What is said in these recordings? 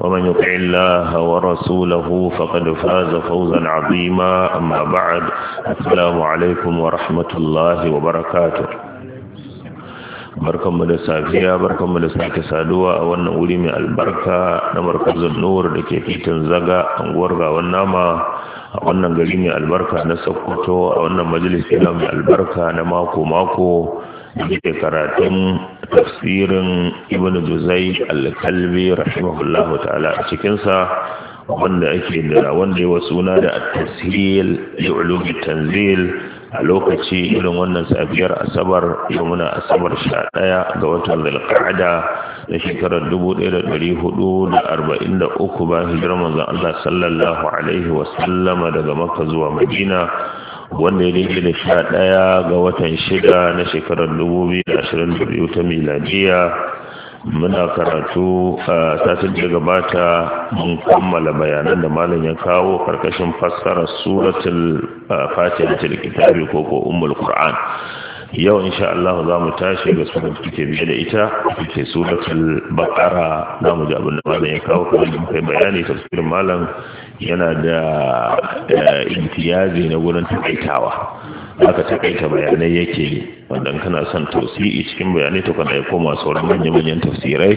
ومن يطع الله ورسوله فقد فاز فوزا عظيما أما بعد السلام عليكم ورحمة الله وبركاته barkanmu da safiya barkanmu da sake saduwa a wannan wuri mai albarka na markazin nur da ke fitin zaga anguwar gawan nama a wannan gari mai albarka na sokoto a wannan majalisi na mai albarka na mako mako da karatun tafsirin ibn juzai al-kalbi rahimahullahu ta'ala a cikinsa wanda ake da wanda ya suna da at-tashil li tanzil a lokaci irin wannan safiyar asabar yau muna asabar ɗaya ga watan zulqa'ada na shekarar 1443 bayan hijirar manzon Allah sallallahu alaihi wa sallama daga maka zuwa Madina wanda ya daidai da sha ɗaya ga watan shida na shekarar dubu biyu da ashirin da biyu ta miladiya muna karatu a satin da gabata mun kammala bayanan da malam ya kawo karkashin fassarar suratul fatiha kitabi ko ko ummul qur'an yau insha Allah za mu tashi ga sunan kike biye da ita kike suratul baqara za mu ji abin da malam ya kawo kuma mun kai bayani tafsirin malam yana da eh, imtiyazi na gurin takaitawa aka takaita bayanai yake ne wanda kana son tausi'i cikin bayanai to kana koma sauran manyan manyan tafsirai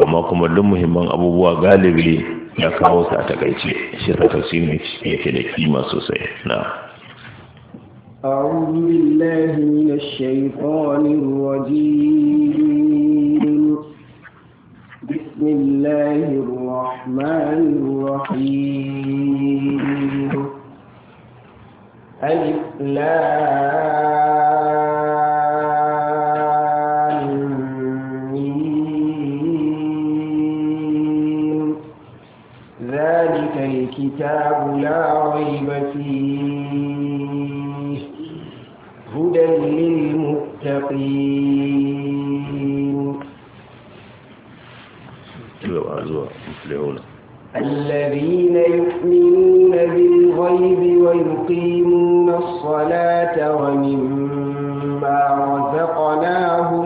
amma kuma duk muhimman abubuwa galibi ya kawo su a takaice shi ta tafsirin yake da kima sosai na أعوذ بالله من الشيطان الرجيم بسم الله الرحمن الرحيم ألف ذلك الكتاب لا ريب فيه للمتقين الذين يؤمنون بالغيب ويقيمون الصلاة ومما رزقناهم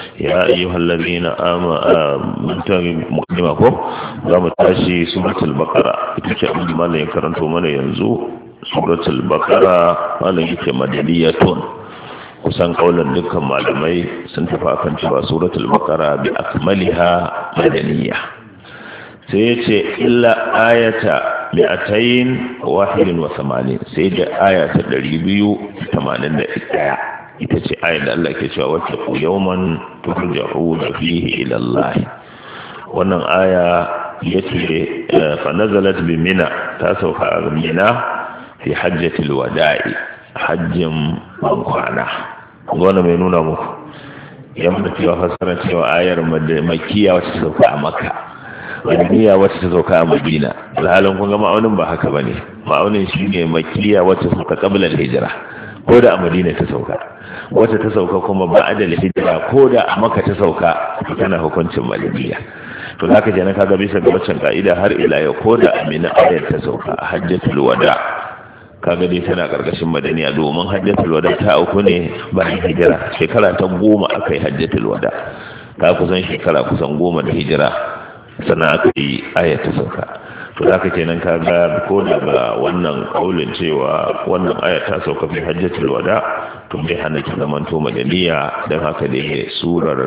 ya na allazina amanu muqaddima ko za mu tashi suratul baqara ita ce abin da ya karanto mana yanzu suratul baƙara, malam yake madaniyatun kusan kaulan dukkan malamai sun tafi akan cewa suratul baqara bi akmaliha madaniya sai ya ce illa ayata bi atayn wahidin wa samanin sai da aya ta 281 ita ce ayin da Allah ke cewa wata ku yawman turja'una da ila Allah wannan aya yace eh, fa nazalat bi mina ta sauka a mina fi hajjatil wada'i hajjin bankwana wannan mai nuna muku yamma cewa fasara cewa ayar makiya wata ta sauka a makka madaniya wacce ta sauka a madina alhalin kun ga ma'aunin ba haka ba ne. ma'aunin ne makiya wata ta kabilar hijira ko da a madina ta sauka wata ta sauka kuma ba a da hijira ko da a maka ta sauka tana hukuncin malikiya to za ka jana kaga bisa ga waccan ka'ida har ila yau ko da amina ayar ta sauka a hajjatul wada ka gani tana karkashin madaniya domin hajjatul wada ta auku ne bayan hijira shekara ta goma aka yi hajjatul wada ta kusan shekara kusan goma da hijira sannan aka yi ayar ta sauka to ka kenan ka ga ko daga wannan kaulin cewa wannan aya ta sauka fi hajjatul wada to bai hana ki zaman to madaniya dan haka ne surar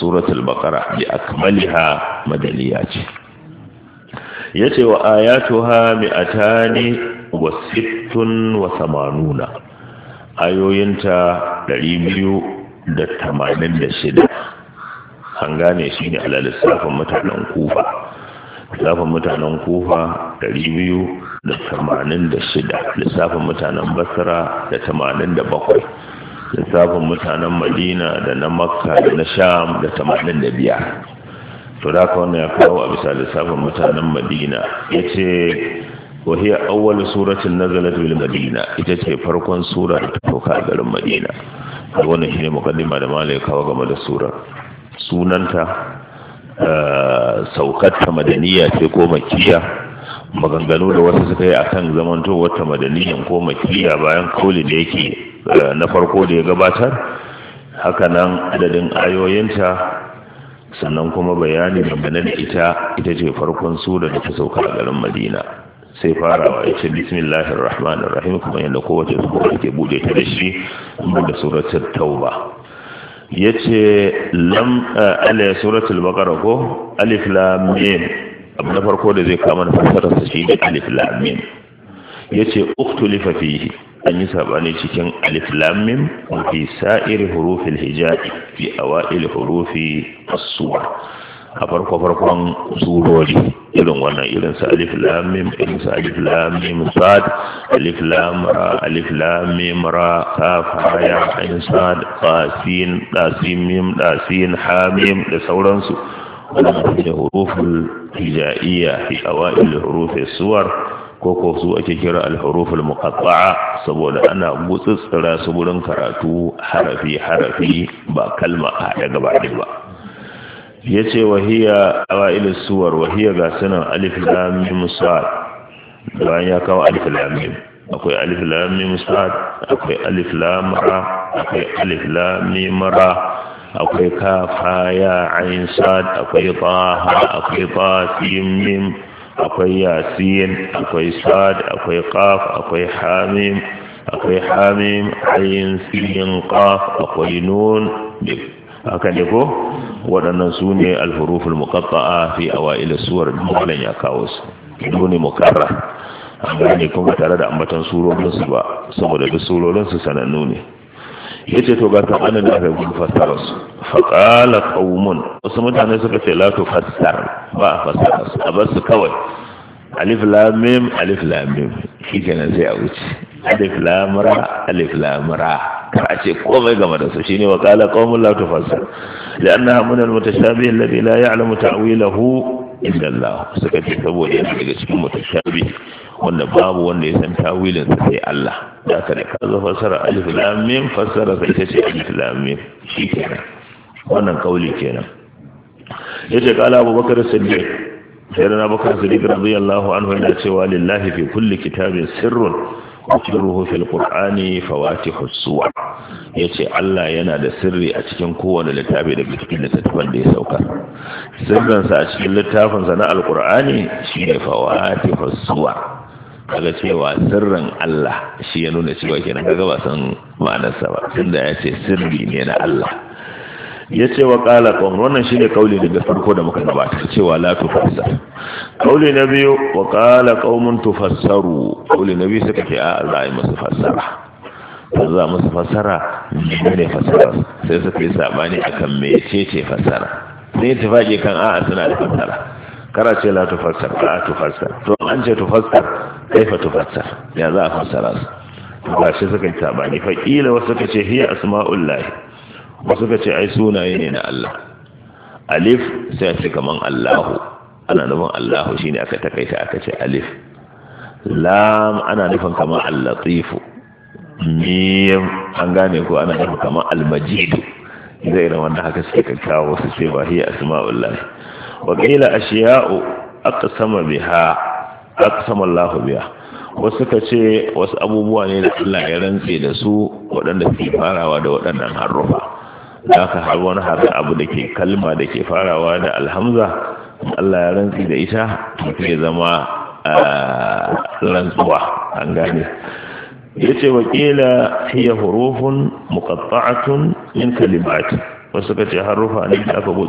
suratul baqara bi akmaliha madaniya ce yace wa ayatuha mi'atani wa sittun wa samanuna ayoyinta 286 an gane shi ne alalissafin lissafin mutanen kufa lissafin mutanen kufa 286 biyu da tamanin da shida lissafin mutanen basra da tamanin da bakwai lissafin mutanen madina da na makka da na sham da tamanin da biya. to da haka wannan ya kawo a bisa lissafin mutanen madina ya ce wahiyar awwal suratun nazalat bil madina ita ce farkon sura da ta a garin madina wannan shine mukaddima da malai kawo game da sura sunanta ta madaniya ce ko makiya maganganu da wasu suka yi akan zamantowar ta madaniyan ko makiya bayan koli da yake eh, na farko da ya gabatar hakanan adadin ayoyinta sannan kuma bayani dangane da ita ita ce farkon sura da ta sauka a garin madina sai farawa ya ce bismillahir rahim kuma yadda kowace sura ke bude ta da shi da suratul tauba yace lam eh, ala suratul baqara ko alif lam mim abu na farko da zai kama na fasarar sa shi alif lam mim yace uktulifa fihi an yi sabani cikin alif lam mim fi sa'ir hurufil hija'i fi awail hurufi as-suwar a farko farkon surori irin wannan irin su alif lam irin su alif lam mim sad alif lam ra alif lam ra kaf ha ya ain sad fa sin da sin da sauransu wannan ne huruful hijaiyya fi awail huruf suwar ko ko su ake kira al-huruf muqattaa saboda ana gutsitsira su gurin karatu harafi harafi ba kalma a daga ba ba ya ce wahiya awailu suwar wahiya ga sunan alif lamim sa'ad bayan ya kawo alif lamim akwai alif lamim sa'ad akwai alif lam ra akwai alif lamim ra akwai kafa ya ain sa'ad akwai taha akwai tasim mim akwai yasin akwai sa'ad akwai qaf akwai hamim akwai hamim ayin sin qaf akwai nun haka ne ko waɗannan su ne alhuruful muqatta'a fi awail suwar dukkanin ya kawo su mu mukarra an gane kuma tare da ambatan surorin su ba saboda duk surorin su sanannu ne Ya ce to ga kan annabi da gudu fasara su faƙala qala wasu mutane suka ce lato tu ba ba fasara su a basu kawai alif lamim alif lamim shi kenan sai a wuce alif lamra alif lamra kar a ce komai game da su shine wa qala qaumul la tufassir li'annaha min al-mutashabih alladhi la ya'lamu ta'wilahu illa Allah suka ce saboda yana daga cikin mutashabih wanda babu wanda ya san tawilin sa sai Allah da ka da ka zo fassara alif lam mim fassara sai ta ce alif lam mim shikenan wannan kauli kenan yace qala abubakar siddiq sayyidina abubakar siddiq radiyallahu anhu yana cewa lillahi fi kulli kitabin sirrun sirruhu fil qur'ani fawatihu suwar yace Allah yana da sirri a cikin kowane littafi da cikin littafin da ya sauka sirrin sa a cikin littafin sa na alqur'ani shine fawatihu suwar kaga cewa sirrin Allah shi ya nuna cewa kenan kaga ba san ma'anarsa ba tunda yace sirri ne na Allah ya ce wa ƙala ƙaunar wannan shi ne ƙauli daga farko da muka gabata cewa la tufassar ƙauli na biyu wa ƙala ƙaunin tufassaru ƙauli na biyu suka ce a za a yi masu fassara ta za masu fassara ne ne fassara sai suka yi saɓani a kan mecece fassara sai tufaƙi kan a'a suna da fassara kara ce la tufassar ka tufassar to an ce tufassar kaifa tufassar ya za a fassara su ba shi suka yi saɓani faƙila wasu ka ce hiya asma'ullahi ba suka ce ai sunaye ne na Allah alif sai ce kaman Allahu ana nufin Allahu shine aka takaita aka ce alif lam ana nufin kaman al latif mim an gane ko ana nufin kaman al-majid zai irin wanda haka ka kawo su ce ba hiya asma'ullah wa qila ashiya'u aqsama biha aqsama Allahu biha wasu ka ce wasu abubuwa ne da Allah ya rantse da su waɗanda suke farawa da waɗannan harufa za ka har wani har abu da ke kalma da ke farawa da alhamza Allah ya rantsi da ita ya zama rantsuwa an gane ya ce wakila hiya hurufun muqatta'atun min kalimat wasu ka ce harufa ne da aka ba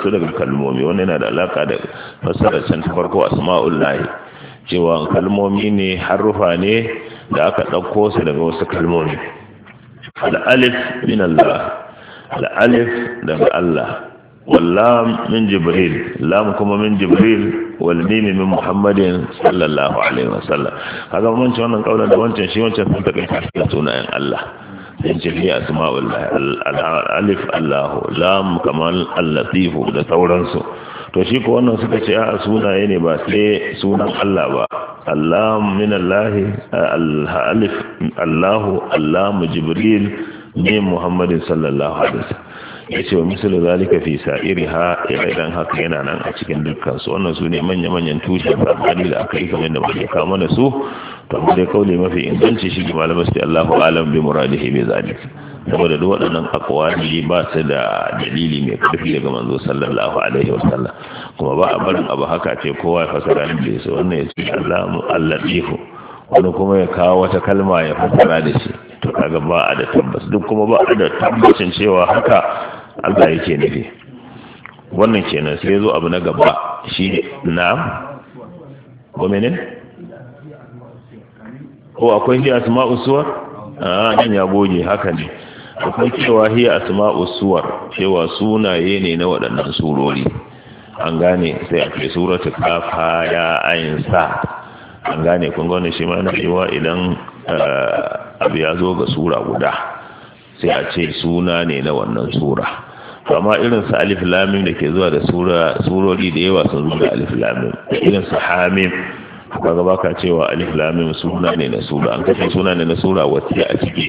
su daga kalmomi wani yana da alaka da fassarar can ta farko asma'ul lahi cewa kalmomi ne harufa ne da aka ɗauko su daga wasu kalmomi al'alif min Allah al'alif daga Allah wallam min jibril lam kuma min jibril wal mim min muhammadin sallallahu alaihi wasallam kaga mun ci wannan kaula da wancan shi wancan sun ta kai sunayen Allah in ce fi asma'ul alif Allah lam kamal al-latif da sauransu to shi ko wannan suka ce a sunaye ne ba sai sunan Allah ba Allah min Allah alif Allah Allah jibril ne muhammadin sallallahu alaihi wasallam ya ce wa misali zalika fi sa'iriha ha haka yana nan a cikin dukkan su wannan su ne manya-manyan tushen sabani da aka yi kamar da muke kama da su to mu dai kaule mafi inganci shi ga malamai sai Allahu alam bi muradihi bi zalik saboda duk waɗannan ne ba su da dalili mai karfi daga manzo sallallahu alaihi wasallam kuma ba a barin abu haka ce kowa ya fasara ne da wannan ya ce Allah mu wani kuma ya kawo wata kalma ya fassara da shi to kaga ba a da tabbas duk kuma ba a da tabbacin cewa haka Allah yake nufi wannan kenan sai zo abu na gaba shi na gomenin ko akwai hiya asma'u suwar a nan ya goge haka ne akwai cewa hiya asma'u suwar cewa sunaye ne na waɗannan surori an gane sai a kai suratul kaf ya ayin sa an gane kun gane shi ma yana yiwa idan eh, abu ya zo ga sura guda sai a ce suna ne na wannan sura amma irin su alif lamim da ke zuwa da sura surori da yawa sun zo da alif lamim irin su hamim ba ga baka cewa alif lamim suna ne na sura an kashe suna ne na sura wacce a ciki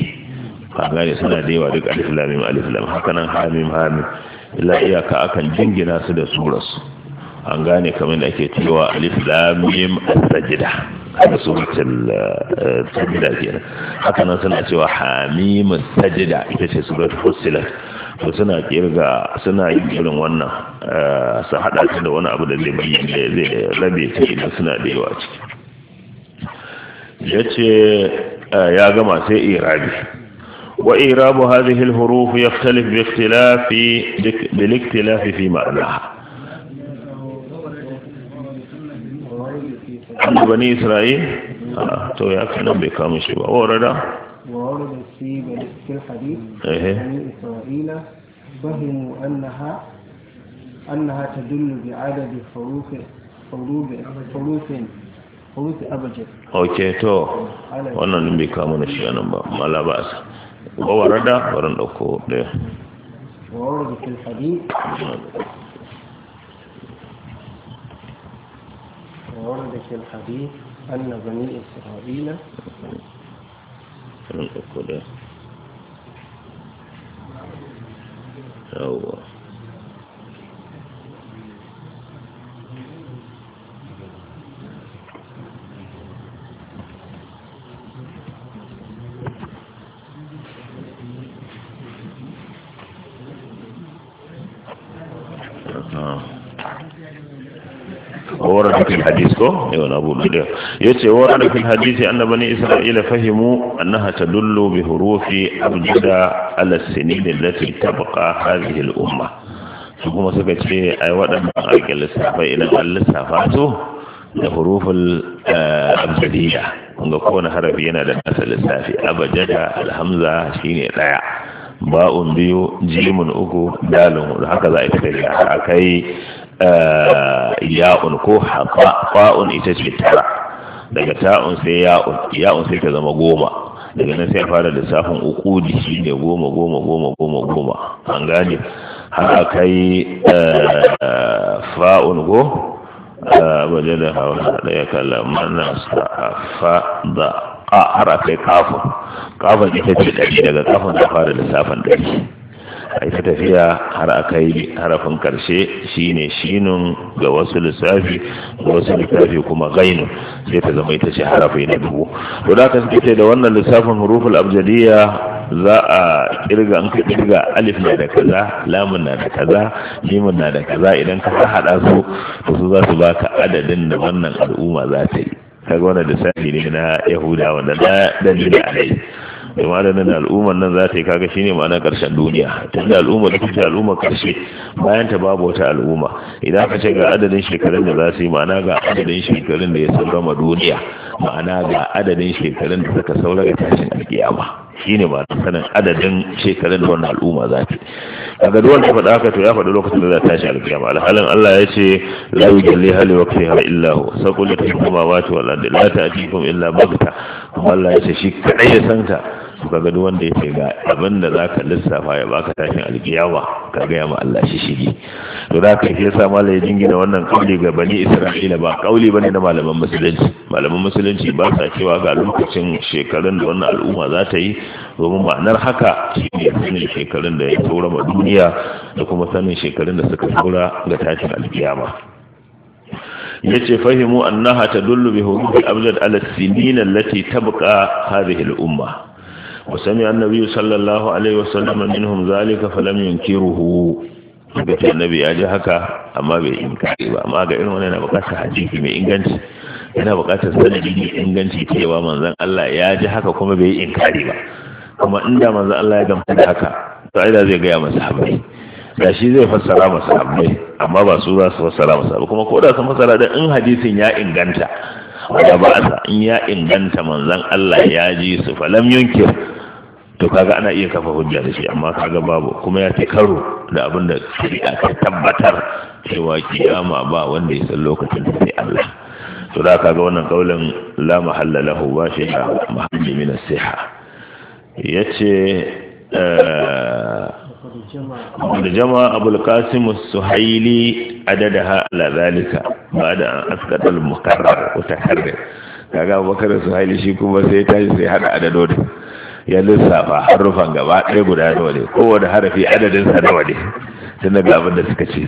ka gane suna da yawa duk alif lamim alif lamim haka nan hamim hamim illa iyaka akan jingina su da surarsu an gane kamar da ake cewa alif lam mim as-sajda da suratul eh, sajida kenan haka nan suna cewa hamim sajida ita ce suratul fussilat to suna kirga suna yin irin wannan eh, su hada ta da wani abu da zai zai rabe ta idan suna da yawa ciki yace eh, ya gama sai irabi وإيراب هذه الحروف يختلف باختلاف بالاختلاف في معناها bani isra'il a to ya fi nan bai kama shi ba wa rada annaha tadullu bi adadi harufin harufin abajir ok to wannan bai kama na ba mala ba a sa rada warin wa wadda fil ورد في الحديث أن بني إسرائيل أو yawan abu daliya ya ce wa da fil hadisi anna bani isra'ila fahimu annaha tadullu bi hurufi abjada ala sinin allati tabqa hadhihi umma su kuma suka ce ai waɗannan ake lissafa idan an lissafa su da huruful eh, abjadiyya wanda kowane harafi yana da nasa lissafi abjada alhamza shine daya ba'un biyu jimun uku dalun hudu haka za a yi tafiya a kai ya'un ko fa'un ita ce tara daga ta'un sai ya'un ya'un sai ta zama goma daga nan sai fara lissafin da shi ne goma goma goma goma goma an gane har kai fa'un go waje da hawa da ya kalla mana fa da a har kai kafin kafin ita ce ɗari daga kafin ta fara lissafin ɗari a tafiya har a kai harafin karshe shine shinun ga wasu lissafi ga wasu lissafi kuma gainu sai ta zama ita ce harafi na dubu to da kan da wannan lissafin huruful abjadiyya za a kirga an kirga alif na da kaza lamun na da kaza mimun na da kaza idan ka haɗa su to su za su baka adadin da wannan al'umma za ta yi kaga wannan lissafi ne na yahuda wanda da dalilin alai da malamin da al'ummar nan za ta yi kaga shine ma'anar karshen duniya tun da al'ummar al'umma karshe bayan ta babu wata al'umma idan ka ce ga adadin shekarun da za su yi ma'ana ga adadin shekarun da ya saurama duniya ma'ana ga adadin shekarun da suka saura ga tashin alkiyama shine ba ta sanin adadin shekarun da wannan al'umma za ta daga duk ta faɗa to ya faɗi lokacin da za ta tashi alƙiyama alhalin Allah ya ce la yujalli hali har illa hu ta fi samawati wal ardi la ta'tikum illa baghta Allah ya ce shi kaɗai ya santa su ga duk wanda ya ga abin da ka lissafa ya baka tashin alkiyama ka gaya ma Allah shi shige to za ka ke sa malai jingina wannan kauli ga bani Isra'ila ba kauli bane na malaman musulunci malaman musulunci ba sa cewa ga lokacin shekarun da wannan al'umma za ta yi domin ma'anar haka shi ne sanin shekarun da ya saura ma duniya da kuma sanin shekarun da suka tura ga tashin alkiyama yace fahimu annaha tadullu bi hudud al-abjad ala sinin allati tabqa hadhihi al-umma وسمع النبي صلى sallallahu alaihi وسلم minhum ذلك فلم ينكره بيت النبي ya ji haka amma bai با ba amma ga irin wannan yana bukatar hadisi mai inganci yana bukatar sanadi mai inganci cewa manzon Allah ya ji haka kuma bai inkari ba kuma inda manzon Allah ya gamsu da haka to aida zai gaya masa habai da shi zai fassara masa habai amma ba su za su fassara masa ba kuma ko da su fassara da in hadisin ya inganta da ba sa in ya inganta manzan Allah ya ji su falam yunkir to kaga ana iya kafa hujja da shi amma kaga babu kuma ya ci karo da abin da shari'a ta tabbatar cewa kiyama ba wanda ya san lokacin da sai Allah to da kaga wannan kaulin la mahalla lahu ba shi da mahalli min as sihha yace eh, وقد جمع أبو القاسم السهيلي عددها على ذلك بعد أن أسقط المقرر وتحرر kaga abubakar suhaili shi kuma sai tashi sai hada adadodi ya lissafa harufan gaba ɗaya guda nawa ne kowane harafi adadin sa nawa ne tun daga abin da suka ce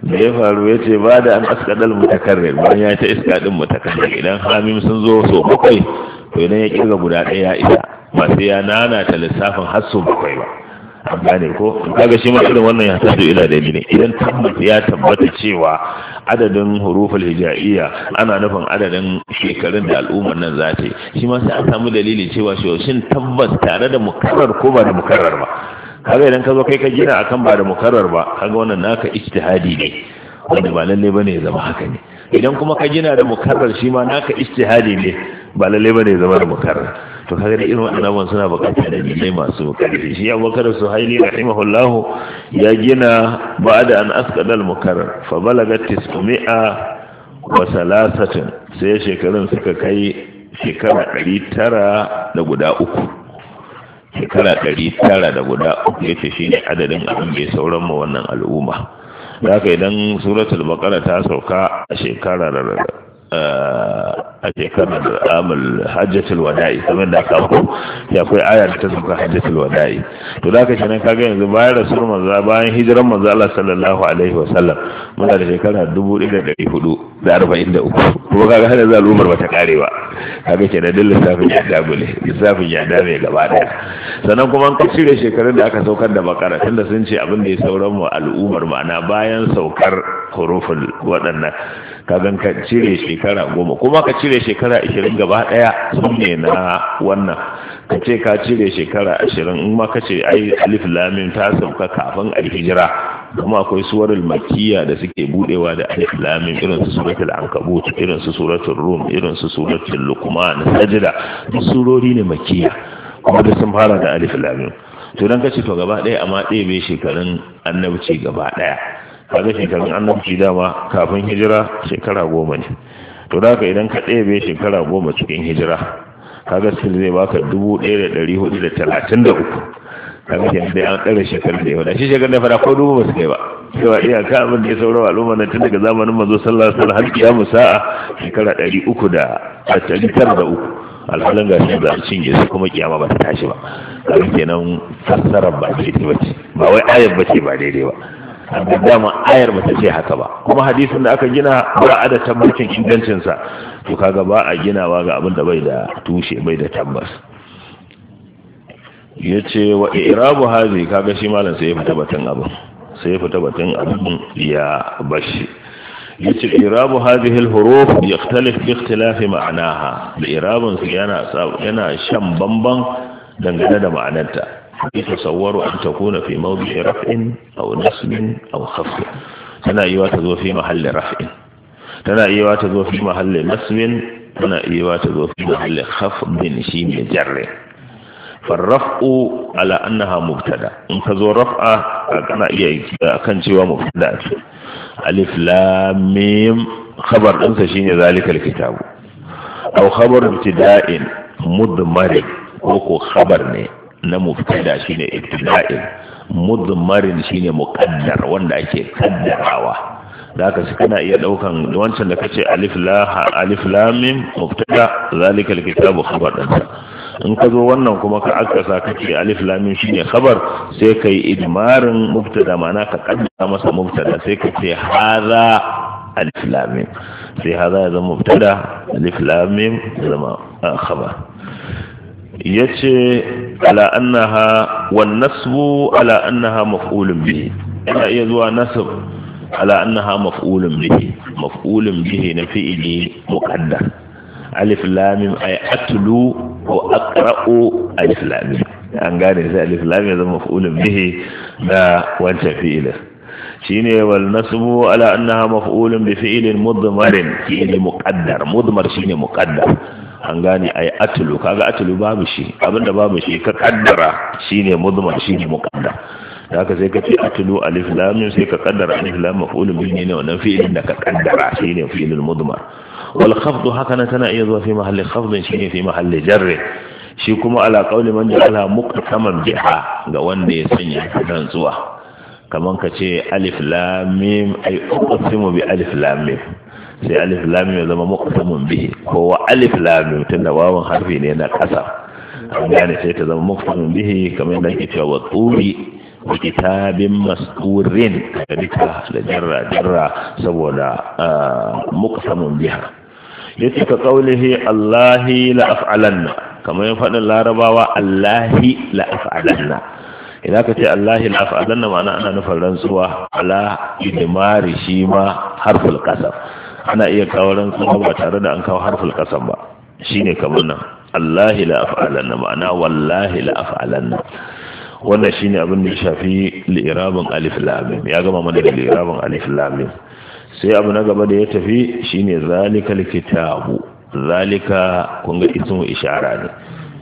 da ya faru ya ce ba da an askadal mutakarrir bayan ya ta iska din mutakarrir idan hamim sun zo so bakwai to idan ya kirga guda ɗaya ya isa ba sai ya nana ta lissafin har so bakwai ba an gane ko kaga shi ma irin wannan ya tasu ila da ne idan tabbata ya tabbata cewa adadin huruful hijaiya ana nufin adadin shekarun da al'ummar nan za ta yi shi ma sai an samu dalili cewa shin tabbas tare da mukarrar ko ba da mukarrar ba kaga idan ka zo kai ka gina akan ba da mukarrar ba kaga wannan naka ijtihadi ne wanda ba lalle bane ya zama haka ne idan kuma ka gina da mukarar shi ma naka ijtihadi ne ba lalle bane ya zama da mukarrar to kaga da irin waɗannan suna bukatar da buƙatar dalilai masu ƙarfi shi ya abubakar suhaili rahimahullahu ya gina ba'da an asqada al-mukarrar fa balagat tis'umi'a wa salasatin sai shekarun suka kai shekara ɗari tara da guda uku shekara ɗari tara da guda uku ya ce shi ne adadin abin bai sauran mu wannan al'umma da haka idan suratul baqara ta sauka a shekarar a shekarar amul hajjatul wada'i kamar da aka ko ya akwai aya da ta zuka hajjatul wada'i to da ka shi nan kaga yanzu bayan rasul manzo bayan hijiran manzo Allah sallallahu alaihi wa sallam muna da shekara 1443 kuma kaga har yanzu al'ummar bata kare ba kaga ke da dillin lissafin ya dabule lissafin ya dabe gaba daya sannan kuma an kashi da shekarun da aka saukar da bakara tunda sun ce abin da ya sauran mu al'ummar ma'ana bayan saukar huruful waɗannan Ka gan ka cire shekara goma kuma ka cire shekara ashirin gaba ɗaya sun ne na wannan ka ce ka cire shekara ashirin in ma ka ce ai alif lamin ta sauka kafin a hijira kuma akwai suwar makiya da suke budewa da alif lamin irin su suratul ankabut irin su suratul rum irin su suratul luqman sajda duk surori ne makiya kuma da sun fara da alif lamin to dan kace to gaba ɗaya amma ɗaya bai shekarun annabci gaba ɗaya kaga shekarun annabci dama kafin hijira shekara goma ne to da idan ka ɗebe shekara goma cikin hijira kaga sil zai baka dubu ɗaya da ɗari hudu da talatin da uku kaga shi dai an ɗara shekaru da yawa da shi shekaru da fara ko dubu ba su kai ba iya ka abin da ya saurawa al'umma na tun daga zamanin manzo sallallahu alaihi wasallam har kiyamu sa'a shekara ɗari uku da ɗari tara da uku alhalin ga shi da cinye su kuma kiyama ba ta tashi ba kaga kenan fassarar ba daidai ba ce ba wai ayar ba ce ba daidai ba amma dama ayar ba ta ce haka ba kuma hadisin da aka gina ba a da tabbacin ingancinsa to kaga ba a ginawa ga abin da bai da tushe bai da tabbas ya ce wa irabu hazi kaga shi malam sai ya fita batun abin sai ya fita batun abin ya bashi ya ce irabu hazi huruf ya talif ikhtilafi ma'anaha da irabun su yana shan bamban dangane da ma'anarta يتصور أن تكون في موضع رفع أو نسب أو خفض تنا إيوا في محل رفع تنا إيوا في محل نسب تنا إيوا في محل خفض شيء جر فالرفع على أنها مبتدا إن تزو رفع إيه، كان إيوا كان شيء مبتدا ألف لام ميم خبر أنت شيء ذلك الكتاب أو خبر ابتداء مضمر وهو خبر نه na mubtada shine ibtida'in mudmarin shine muqaddar wanda ake kaddarawa zaka su kana iya daukan wancan da kace alif la alif lam mim mubtada zalika alkitabu khabar in ka zo wannan kuma ka akasa kace alif lam mim shine khabar sai kai idmarin mubtada mana ka kaddara masa mubtada sai ka ce hadha alif lam mim sai hadha ya zama mubtada alif lam mim zama ah, khabar ya ce ala annaha wan nasbu ala annaha maf'ulun bihi yana iya zuwa nasab ala annaha maf'ulun bihi maf'ulun bihi na fi'ili muqaddar alif lam mim ay atlu wa aqra'u alif lam mim an gane sai alif lam ya zama maf'ulun bihi da wancan fi'ilin shine wal nasbu ala annaha maf'ulun bi fi'lin mudmarin fi'li muqaddar mudmar shine muqaddar an gane a yi atulu kaga atulu babu shi abinda babu shi ka kaddara shine shi shine muqaddar da aka sai ka ce atulu alif lam sai ka kaddara alif lam maf'ulun bihi ne wannan fi'ilin da ka kaddara shine fi’ilin muzumar wal khafdu haka nan tana iya zuwa fi mahalli shi ne fi mahalli jarre shi kuma ala qawli man jala muqtaman biha ga wanda ya sanya dan zuwa kaman ka ce alif lam mim ay uqsimu bi alif lam mim sai alif lam ya zama muqtamun bihi ko wa alif lam tunda wawan harfi ne na ƙasa. an gane sai ta zama muqtamun bihi kamar yadda ake cewa turi wa kitabin masturin da duka da jarra jarra saboda muqtamun biha yace ka qaulihi allahi la af'alanna kamar yin fadin larabawa allahi la af'alanna idan ka ce allahi la af'alanna ma'ana ana nufin rantsuwa ala idmari shi ma harful kasar ana iya kawo rantsuwa ba tare da an kawo harful kasan ba shine kamar nan Allahi la af'alanna ma'ana wallahi la af'alanna wannan shine abin da ya shafi li'irabin alif lam ya gama mana da li'irabin alif lam sai abu na gaba da ya tafi shine zalikal kitabu zalika kun ga ismu ishara ne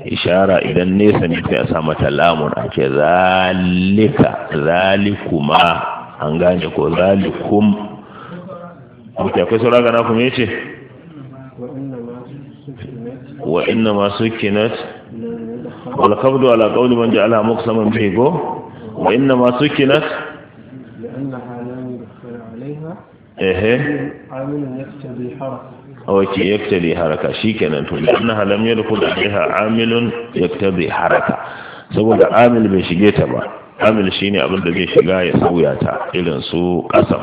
ishara idan nesa ne sai a sa mata lamun a ce zalika zalikuma an gane ko zalikum ok akwai saura gana kuma ya ce wa inna masu kinat kabdu ala kauli man ji ala saman bego wa inna masu kinat ehe awaki yaktadi haraka shikenan to inna halam yadkhul alaiha amilun yaktadi haraka saboda amil bai shige ta ba amil shine abin da zai shiga ya sauya ta irin su kasam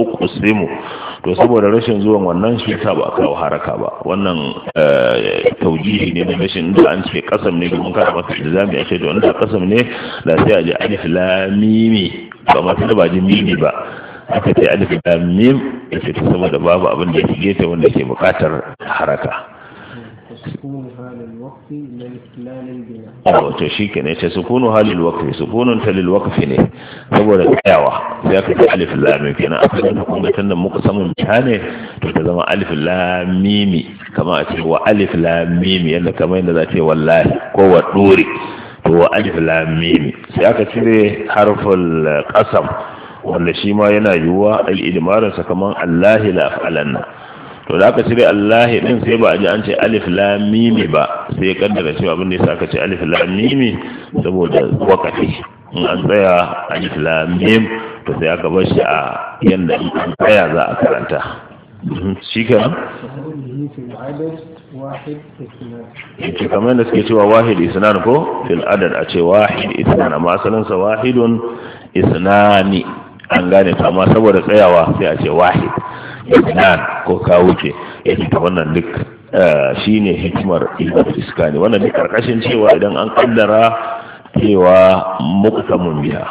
uku simu to saboda rashin zuwan wannan shi ta ba kawo haraka ba wannan eh, taujihi ne da rashin da an ce kasam ne domin kada da ilzami a ce da wanda kasam ne da sai a ji alif ba ma da ba mimi ba aka ce alif ya ce ta saboda babu abin da ya shige ta wanda ke bukatar haraka wato shi ke ne ta sukunu halil wakafi sukunun talil wakafi ne saboda tsayawa sai ka ta alif lamim kenan a kan ta kuma tun da muka samun ta ne to ta zama alifin lamimi kamar a ce wa alif lamimi yadda kama yadda za ta yi wallahi ko wa ɗuri to wa lamimi sai aka cire harful qasam wanda shi ma yana yiwuwa al-idmarin sakamakon allahi la fa'alanna to da aka cire allahi din sai ba a ji an ce alif lamimi ba sai ya kaddara cewa abin da ya aka ce alif lamimi saboda wakati in an tsaya alif lamim to sai aka bar shi a yanda an tsaya za a karanta mhm, shi kenan ce kamar da suke cewa wahid isnan ko fil adad a ce wahid isnan amma asalinsa wahidun isnani an gane ta amma saboda tsayawa sai a ce wahid ibnan ko kawo ke? ya ce wannan duk eh, shine hikimar ilmar iskani wannan duk karkashin cewa idan an kaddara cewa muktamun biya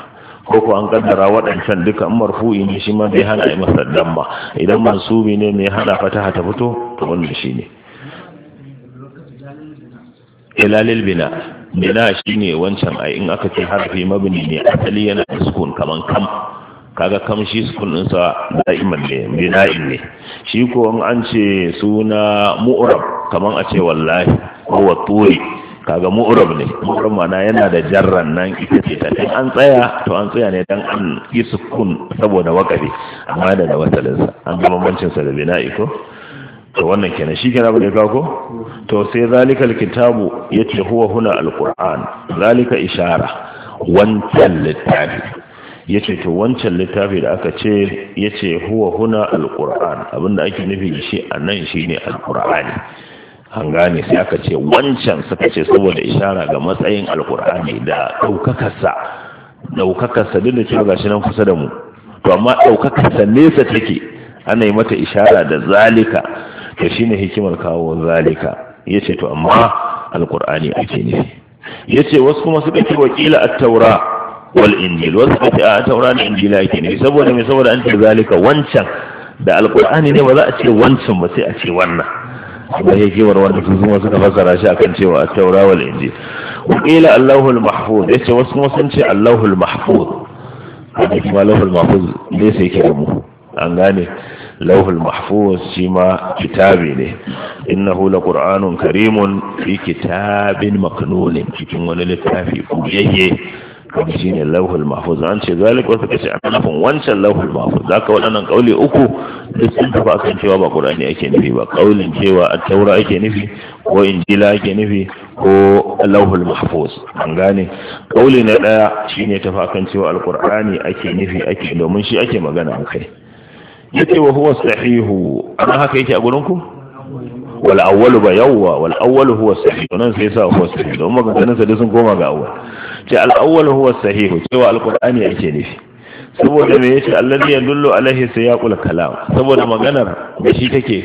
ko ko an kaddara waɗancan duka an marfu'i ne shi ma bai hana yi masa damma idan mansubi ne mai hana fata ta fito to wannan shi ne. ilalil bina bina shine wancan a in aka ce harfi mabini ne asali yana iskun kaman kam kaga kamshi sukun ɗinsa da'iman ne bina'in ne shi ko an ce suna mu'urab kaman a ce wallahi ko waturi kaga mu'urab ne mu'urab mana yana da jarran nan ita ce ta in an tsaya to an tsaya ne dan an yi sukun saboda wakafi amma da da wasalinsa an zama mancinsa sa da bina'i ko to wannan kenan shi kenan abin da ko to sai zalika alkitabu yace huwa huna alquran zalika ishara wancan littafi yace to wancan littafi da aka ce yace huwa huna alquran abinda ake nufi shi a anan shine Alƙur'ani. an gane sai aka ce wancan suka ce saboda ishara ga matsayin alqur'ani da daukakarsa daukakarsa duk da cewa gashi nan kusa da mu to amma daukakarsa nesa take ana yi mata ishara da zalika to shine hikimar kawo zalika yace to amma alqur'ani ake nufi yace wasu kuma suka ce wakila at-taura wal injil wasu ka ce a taura da injila yake ne saboda mai saboda an ce zalika wancan da alkur'ani ne ba za a ce wancan ba sai a ce wannan da ya kewar wanda su zuma suka fassara shi akan cewa a taura wal injil wakila allahul mahfuz ya ce wasu sun ce allahul mahfuz wanda kuma allahul mahfuz ne sai ke mu an gane lauhul mahfuz shi ma kitabi ne innahu laqur'anun karimun fi kitabin maknunin cikin wani littafi kuyayye shine ne lauhul mahfuz an ce zalik wasu kace ana nufin wancan lauhul mahfuz zaka wadannan kauli uku duk sun tafi akan cewa ba qur'ani ake nufi ba kaulin cewa at-taura ake nufi ko injila ake nufi ko lauhul mahfuz an gane kauli na daya shine tafi akan cewa al-qur'ani ake nufi ake domin shi ake magana akai yace wa huwa sahihu ana haka yake a gurin ku wal awwalu ba yawwa wal awwalu huwa sahihu nan sai sa huwa sahihu don maganganun sa duk sun koma ga awwal ce al'awwal huwa sahihu cewa alqur'ani ake nufi saboda me yace allazi yadullu alaihi siyaqul kalam saboda maganar da shi take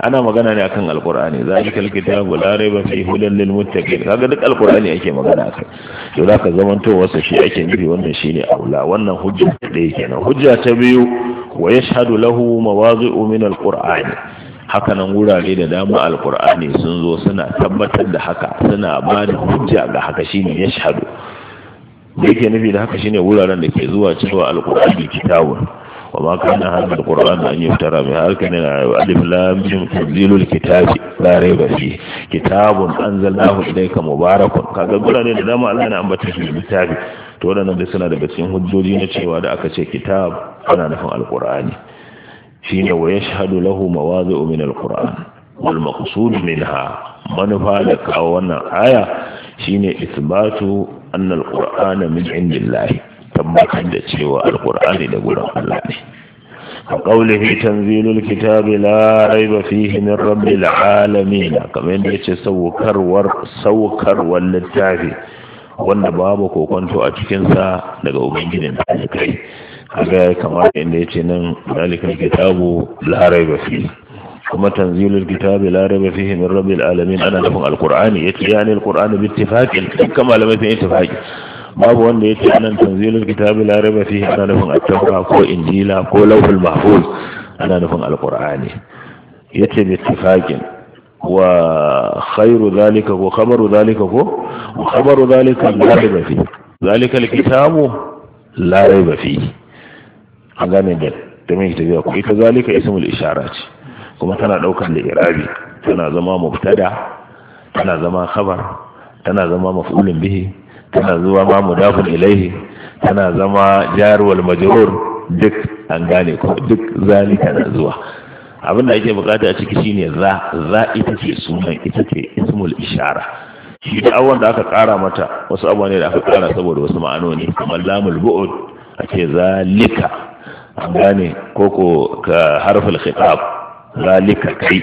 ana magana ne akan alqur'ani zalikal kitabu la raiba fi hudan lil muttaqin kaga duk alqur'ani ake magana akai to zaka zamanto wasa shi ake nufi wannan shine aula wannan hujja ta daya kenan hujja ta biyu wa yashhadu lahu mawazi'u min alqur'ani hakanan wurare da dama alkur'ani sun zo suna tabbatar da haka suna ba da hujja ga haka shine ya da yake nufi da haka shine wuraren da ke zuwa cewa alqur'ani kitabun wa ma kana hadha alqur'an an yuftara bi halka ne alif lam mim tanzilul kitab la rayba fi kitabun anzalnahu ilayka mubarakun kaga gurare da dama Allah yana ambata shi littafi to wadannan da suna daga cikin hujjoji na cewa da aka ce kitab ana nufin alkur'ani shine wa yashhadu lahu mawazi'u min alkur'an wal maqsud minha manufa da kawo wannan aya shine isbatu annal qur'ana min indillahi tabbatar da cewa alqur'ani da gurin Allah ne a qawlihi tanzilul kitabi la raiba fihi min rabbil alamin kamar yadda yace saukarwar saukarwar littafi wanda babu kokonto a cikin sa daga ubangijin da kai kaga kamar inda yace nan zalikal kitabu la raiba fihi kuma tanzilul kitabi la raiba fihi min rabbil alamin ana nufin alqur'ani yace yani alqur'ani bi ittifaqin dukkan malamai sun ittifaqi babu wanda yace anan tanzilul kitabi la raiba fihi ana nufin at-taura ko injila ko lawhul mahfuz ana nufin alqur'ani yace bi ittifaqin wa khairu dhalika wa khabaru dhalika ko wa khabaru dhalika la raiba fihi dhalika alkitabu la raiba fihi a gane da domin ita zalika ismul ishara ce kuma tana ɗaukar da irabi tana zama mubtada tana zama khabar tana zama maf'ulun bihi tana zama mudafun ilaihi tana zama jar wal majrur duk an gane ko duk zalika tana zuwa abin da ake bukata a ciki shine za za ita ce sunan ita ce ismul ishara shi da awon da aka kara mata wasu abuwa ne da aka kara saboda wasu ma'anoni kamar lamul bu'ud a ce zalika an gane koko ka harfin khitab zalika kai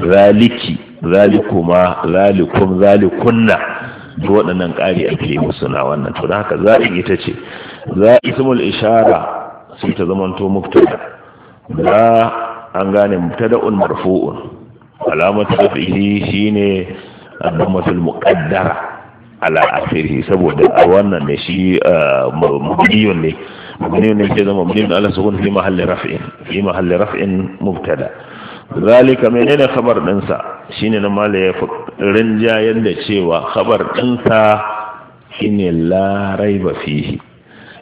zaliki zalikuma zalikum zalikunna duk waɗannan ƙari ake musu na wannan to da haka za'i ita ce za ismul ishara sai ta zamanto mubtada za an gane mubtada'un marfu'un alamatu dafihi shine annamatul muqaddara ala asiri saboda a wannan ne shi mubniyun ne mubniyun ne sai zama mubniyun fi raf'in fi raf'in zalika menene khabar ɗinsa shine na mala ya rinjayen da cewa khabar ɗinsa shine la raiba fihi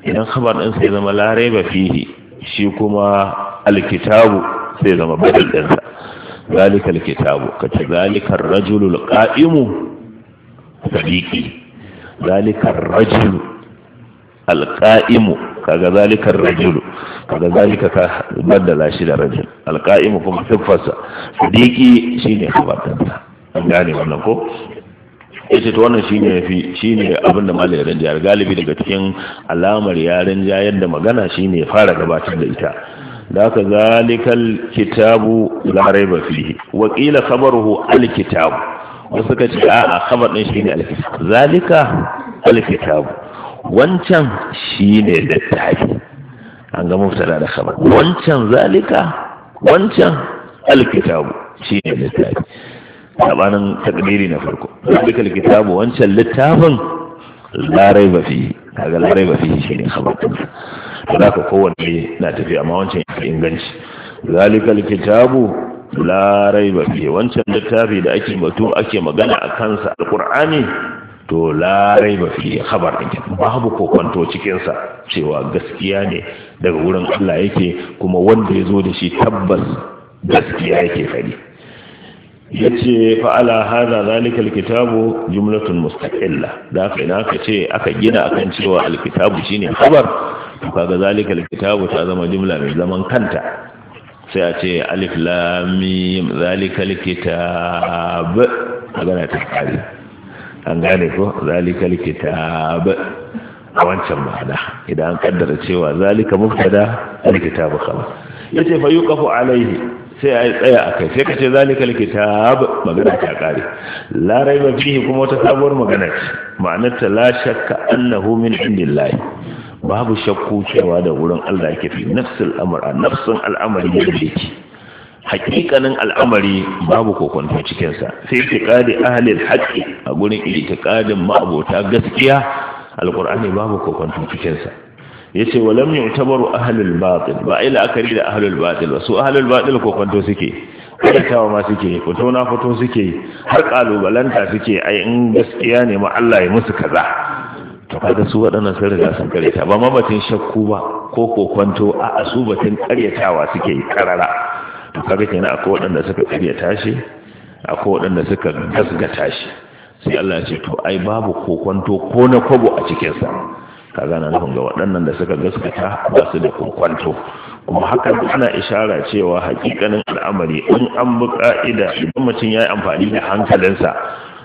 idan khabar ɗinsa ya zama la raiba fihi shi kuma alkitabu sai zama badal ɗinsa zalika alkitabu kace zalika rajulul qa'imu sadiqi zalika rajul alqa'imu kaga zalika rajulu kaga zalika ka baddala shi da rajul alqa'imu kuma siffarsa sidiki shine khabarinsa an gane wannan ko yace to wannan shine yafi shine abinda malai ya rinjayar galibi daga cikin alamar ya rinjayar da magana shine ya fara gabatar da ita da haka zalikal kitabu la raiba fihi wa qila khabaruhu al kitabu wasu ka ce a a khabar din shine al kitabu zalika al kitabu wancan shine littafi an ga mubtada da khabar wancan zalika wancan alkitabu shine littafi sabanin takdiri na farko zalika alkitabu wancan littafin larai raiba fihi kaga larai raiba fihi shine khabar to da ka kowanne na tafi amma wancan inganci zalika alkitabu larai raiba fihi wancan littafi da ake batu ake magana a kansa alqur'ani to larai ba fi khabar ɗin babu kwanto cikinsa cewa gaskiya ne daga wurin Allah yake kuma wanda ya zo da shi tabbas gaskiya yake faɗi ya ce fa'ala haza zalika alkitabu jumlatun mustaqilla da aka ina aka ce aka gina akan cewa alkitabu shine khabar to kaga zalika alkitabu ta zama jumla mai zaman kanta sai a ce alif lam mim zalika alkitabu magana ta kare an gane ko zalika alkitab a wancan ma'ana idan an kaddara cewa zalika mubtada alkitab khabar yace fa yuqafu alayhi sai ayi tsaya a kai sai kace ce zalikal magana ta kare la raiba fihi kuma wata sabuwar magana ma'anar ta la shakka annahu min indillahi babu shakku cewa da wurin Allah yake fi nafsul amr a nafsun al'amari yake hakikanin al'amari babu kokonto cikinsa sai itikadi ahalin haƙƙi a gurin itikadin ma'abota gaskiya alƙur'ani babu kokonto cikinsa ya ce walam yi tabaru ahalul batil ba a yi la'akari da ahalul batil ba su ahalul batil kokonto suke karatawa ma suke fito na fito suke har ƙalubalanta suke ai in gaskiya ne ma Allah ya musu kaza to kaga su waɗannan sun riga sun karyata ba mabatin shakku ba ko kokonto a su batun karyatawa suke karara to kaga kenan akwai waɗanda suka ƙarya tashi akwai waɗanda suka gasgata shi sai Allah ce to ai babu kokonto ko na kwabo a cikinsa kaga na nufin ga waɗannan da suka gaskata ba su da kokonto kuma hakan ana ishara cewa hakikanin al'amari in an bi ka'ida idan mutum ya yi amfani da hankalinsa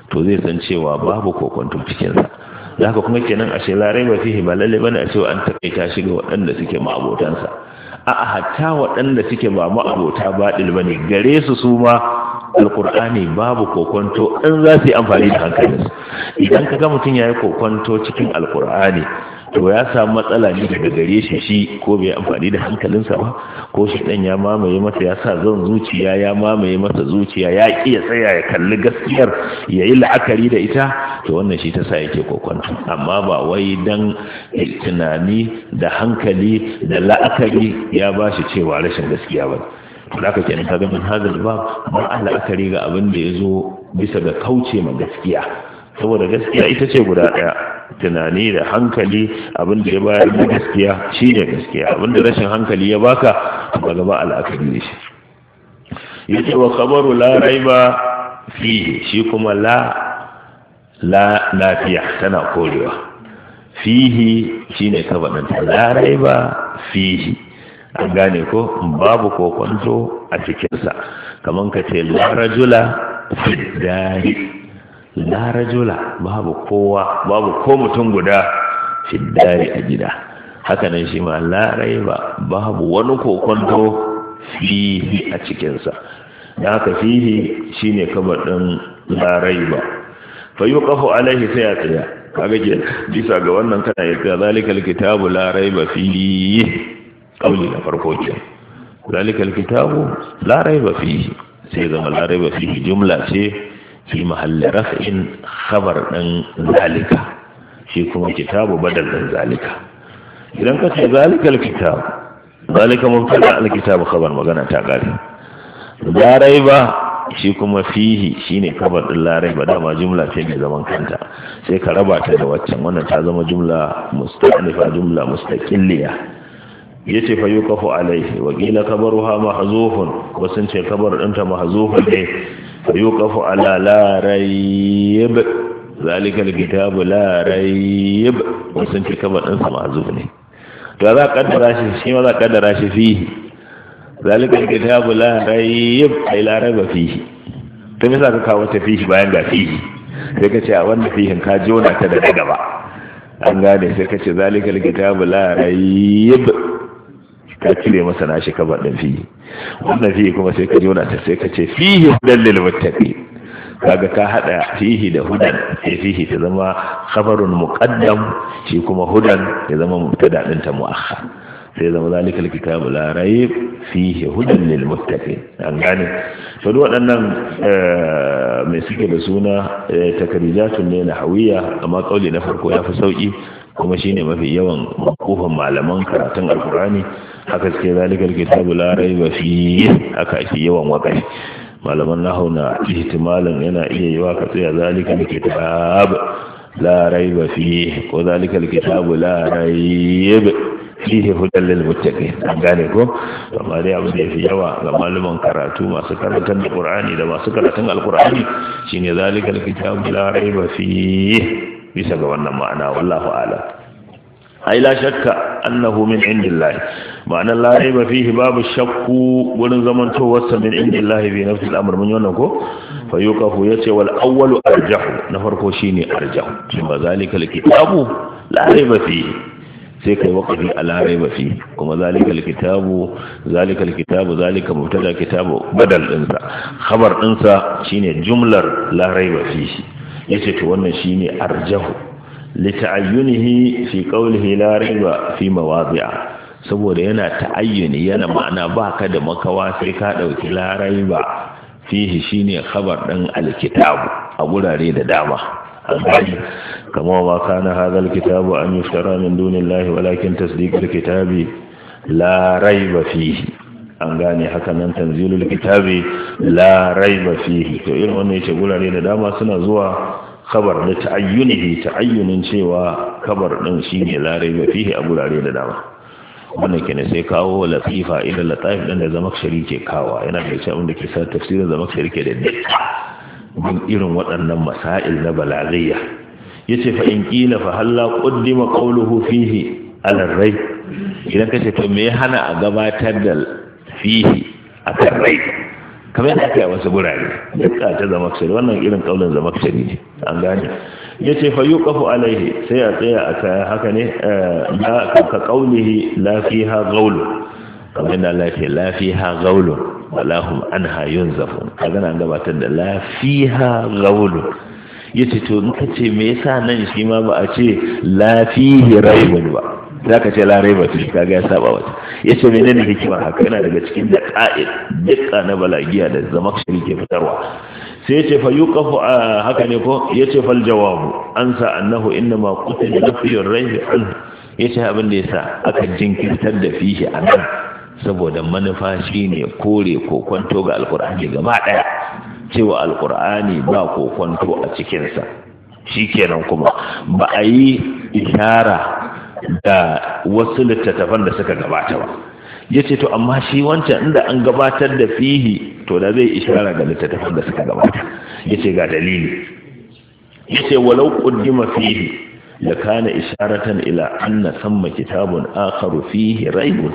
to zai san cewa babu kokonto cikinsa da haka kuma kenan ashe larai ba fihi ba lalle bane a cewa an takaita shi ga waɗanda suke ma'abotansa a hatta waɗanda suke ba mu abota baɗil ba ne gare su su ma alƙur'ani babu kokonto in za su yi amfani da hankalinsu idan ka ga mutum ya yi kokonto cikin alƙur'ani to ya samu matsala ne daga gare shi shi ko bai amfani da hankalinsa ba ko shi dan ya mamaye masa ya sa zan zuciya ya mamaye masa zuciya ya ki ya tsaya ya kalli gaskiyar ya yi la'akari da ita to wannan shi ta sa yake kokonta amma ba wai dan tunani da hankali da la'akari ya ba shi cewa rashin gaskiya ba haka kenan kaga min hadal bab ba la'akari ga abin da ya zo bisa ga kauce ma gaskiya saboda gaskiya ita ce guda ɗaya tunani da hankali abin da ya bayar da gaskiya shi ne gaskiya abin da rashin hankali ya baka ba gaba al'akari ne shi yake wa kabaru la raiba fi shi kuma la la lafiya tana korewa fihi shine kabaɗanta la raiba fihi an gane ko babu kokonto a cikinsa kamar ka ce la rajula fi dari la rajula babu kowa babu ko mutum guda fiddari a gida haka nan shi ma la raiba babu wani kokonto fihi a cikinsa da haka fihi shine kamar din la raiba fa yuqafu alaihi sai ya tsaya kaga ke bisa ga wannan kana ya tsaya zalika alkitabu la raiba fihi kauli na farko ke zalika alkitabu la raiba fihi sai zama la raiba fihi jumla ce fi mahalli raf'in khabar ɗin zalika shi kuma kitabu badal ɗin zalika idan ka ce zalikal kitab zalika mubtada al kitab khabar magana ta kare larai raiba shi kuma fihi shine khabar ɗin larai ba, dama jumla ce mai zaman kanta sai ka raba ta da waccan wannan ta zama jumla jumla mustaqilliya ya ce fayu kafu alaihi wakila kabaru ha ko sun ce kabar ɗinta mahazufun ne fayu kafu ala larayib zalikal kitabu larayib sun ce kabar ɗinsa mahazuf ne to za a kaddara shi shi ma za a kaddara shi fihi zalikal kitabu larayib ai laraba fihi ta misa ka kawo ta fihi bayan ga fihi sai ka ce a wannan fihin ka jona ta da gaba an gane sai ka ce zalikal kitabu larayib ka cire masa nashi ka baɗin fiye wannan fiye kuma sai ka jona ta sai ka ce fiye hudan lil muttaqi kaga ka hada fihi da hudan sai fihi ta zama khabarun muqaddam shi kuma hudan ya zama mubtada din ta muakhar sai zama zalikal kitabu la rayb fihi hudan lil muttaqin an gane to duk waɗannan eh, mai suke da suna eh, takrijatun ne na hawiya amma kauli na farko ya fi sauki kuma shine mafi yawan makofan malaman karatun alkurani haka ce zalikar kitabu larai ba fi aka ake yawan waƙai malaman nahau na ihtimalin yana iya yi wa ka tsaya zalikar kitabu larai ba fi ko zalikar kitabu larai ba fihe hudan lil muttaqin an gane ko amma dai abu da yafi yawa ga malaman karatu masu karatun alqur'ani da masu karatun alqur'ani shine zalikal kitabu la raiba fihi bisa ga wannan ma'ana wallahu a'lam ai la shakka annahu min indillah ma'anar larai ba fihi babu shakku wurin zamantowar samin inda lahi bi nafsi al'amur mun yana ko fayyukafu ya ce wal awwalu arjahu na farko shi ne arjahu shi ba zalika likitabu larai ba fihi sai kai waqafi a larai ba fihi kuma zalika likitabu zalika likitabu zalika da kitabu badal dinsa khabar dinsa ne jumlar larai ba fihi yace to wannan shi ne arjahu لتعينه في قوله لا ريب في مواضعه saboda yana ta'ayyuni yana ma'ana ba ka da makawa sai ka ɗauki larai ba fihi shine khabar ɗin alkitabu a gurare da dama kama ka na hadha kitabu an yuftara min lahi walakin tasdiq kitabi larai ba fihi an gane haka nan tanzilul kitabi larai ba fihi to irin wannan ce gurare da dama suna zuwa khabar da ta'ayyunihi ta'ayyunin cewa khabar shi shine larai ba fihi a gurare da dama wannan kenan sai kawo latifa ila lataif din da zama zamakshari ke kawa yana da cewa da ke sa tafsirin shari ke da dukka bin irin waɗannan masail na balaghiya yace fa in qila fa halla qaddima qawluhu fihi ala rai idan kace to me hana a gabatar da fihi kan rai kamar yana yi wasu gurare dukka ta zama zamakshari wannan irin kaulin zama ne an gane Yace ce fa yuqafu alaihi sai a tsaya a kaya haka ne eh, ya ka qawlihi la fiha qawl kamar da Allah ce la fiha qawl wala anha yunzafun kaga nan gabatar da la fiha yace to muka ce me yasa nan shi ma ba a ce la fihi raibun ba zaka ce la raiba fi kaga ya saba wata yace menene hikima haka yana daga cikin da daqa'id dukkan na balagiya da zamakshari ke fitarwa sai ce fa yuqafu haka ne ko yace fal jawabu ansa annahu inma qutila nafiyur rayhi an yace abin da yasa aka jinkirtar da fihi anan saboda manufa shine kore kwanto ga alqur'ani gaba daya cewa alqur'ani ba kokwanto a cikin sa shikenan kuma ba a yi ishara da wasu littattafan da suka gabata ba ya ce to amma shi wancan inda an gabatar da fihi to da zai ishara ga littattafan da suka gabata ya ce ga dalili ya ce walau ƙuddima fihi da kana isharatan ila na samma kitabun akaru fihi raibun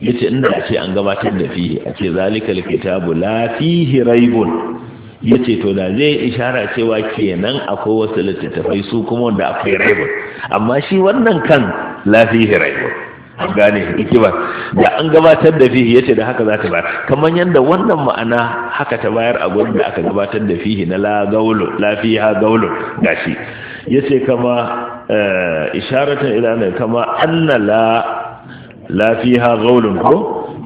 ya ce inda ce an gabatar da fihi a ce zalikal kitabu la fihi raibun ya ce to da zai ishara cewa kenan akwai wasu littattafai su kuma wanda akwai raibun amma shi wannan kan la fihi raibun an gane hikimar da an gabatar da fihi yace da haka za ta bayar kamar yadda wannan ma'ana haka ta bayar a gurin da aka gabatar da fihi na la gaulo la fiha gashi yace kama eh, isharatan ila ne kama anna la la fiha gaulun ko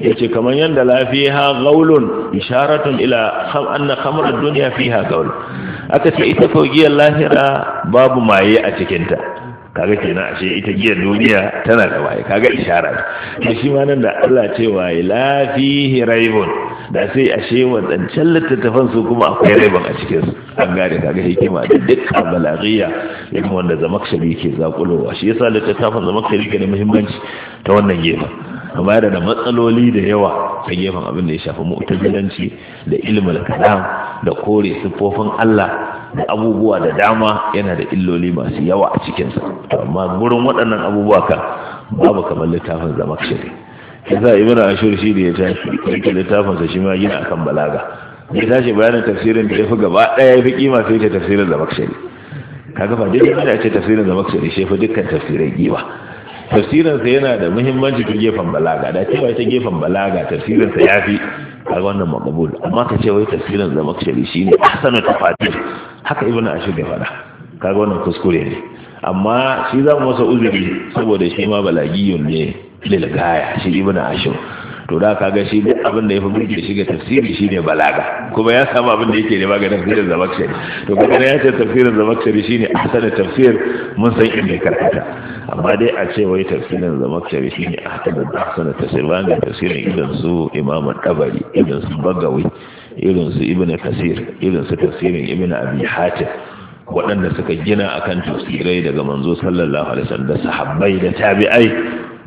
yace kamar yadda la fiha gaulun isharatan ila anna ad dunya fiha gaulu aka ce ita kogiyar lahira babu maye a cikinta kaga kenan ashe ita giyar duniya tana da waye kaga ishara to shi ma nan da Allah ce waye la fihi raibun da sai ashe wancan littattafan su kuma akwai raibun a cikin su an gane kaga hikima da dukkan balaghiya irin wanda zamakshari ke zakulowa shi yasa littattafan zamakshari ke da muhimmanci ta wannan gefen amma da da matsaloli da yawa a gefen abin da ya shafi mu'tazilanci da ilmul kalam da kore siffofin Allah da abubuwa da dama yana da illoli masu yawa a cikinsa amma gurin waɗannan abubuwa kan babu kamar littafin zama zamakshari yasa ibn ashur shi da ya tashi littafin sa shi ma gina akan balaga ya tashi bayanin tafsirin da ya fi gaba ɗaya ya fi kima sai ta tafsirin zamakshari kaga fa daidai da ce tafsirin zamakshari shi ya fi dukkan tafsirai kima tafsirinsa yana da muhimmanci ta gefen balaga da cewa ta gefen balaga tafsirinsa ya fi kaga wannan makabul. amma ka ce wai tafsirin ne, shine ahsanu tafatir haka ibnu ashur ya fara, kaga wannan kuskure ne amma shi za mu masa uzuri saboda shi ma balagiyun ne lil gaya shi ibnu ashur to da kaga shi duk abin da ya fi burge shi ga shi ne balaga kuma ya samu abin da yake ne ga tafsirin zamakshari to kuma ya ce tafsirin ne, shine ahsanu tafsir mun san inda karkata amma dai a ce wai tafsirin zamakshari shi ne a haka da dasana tafsirin tafsirin irin su imamu tabari irin su bagawi irin su ibn kasir irin su tafsirin ibn abi hatim waɗanda suka gina akan tafsirai daga manzo sallallahu alaihi wasallam da sahabbai da tabi'ai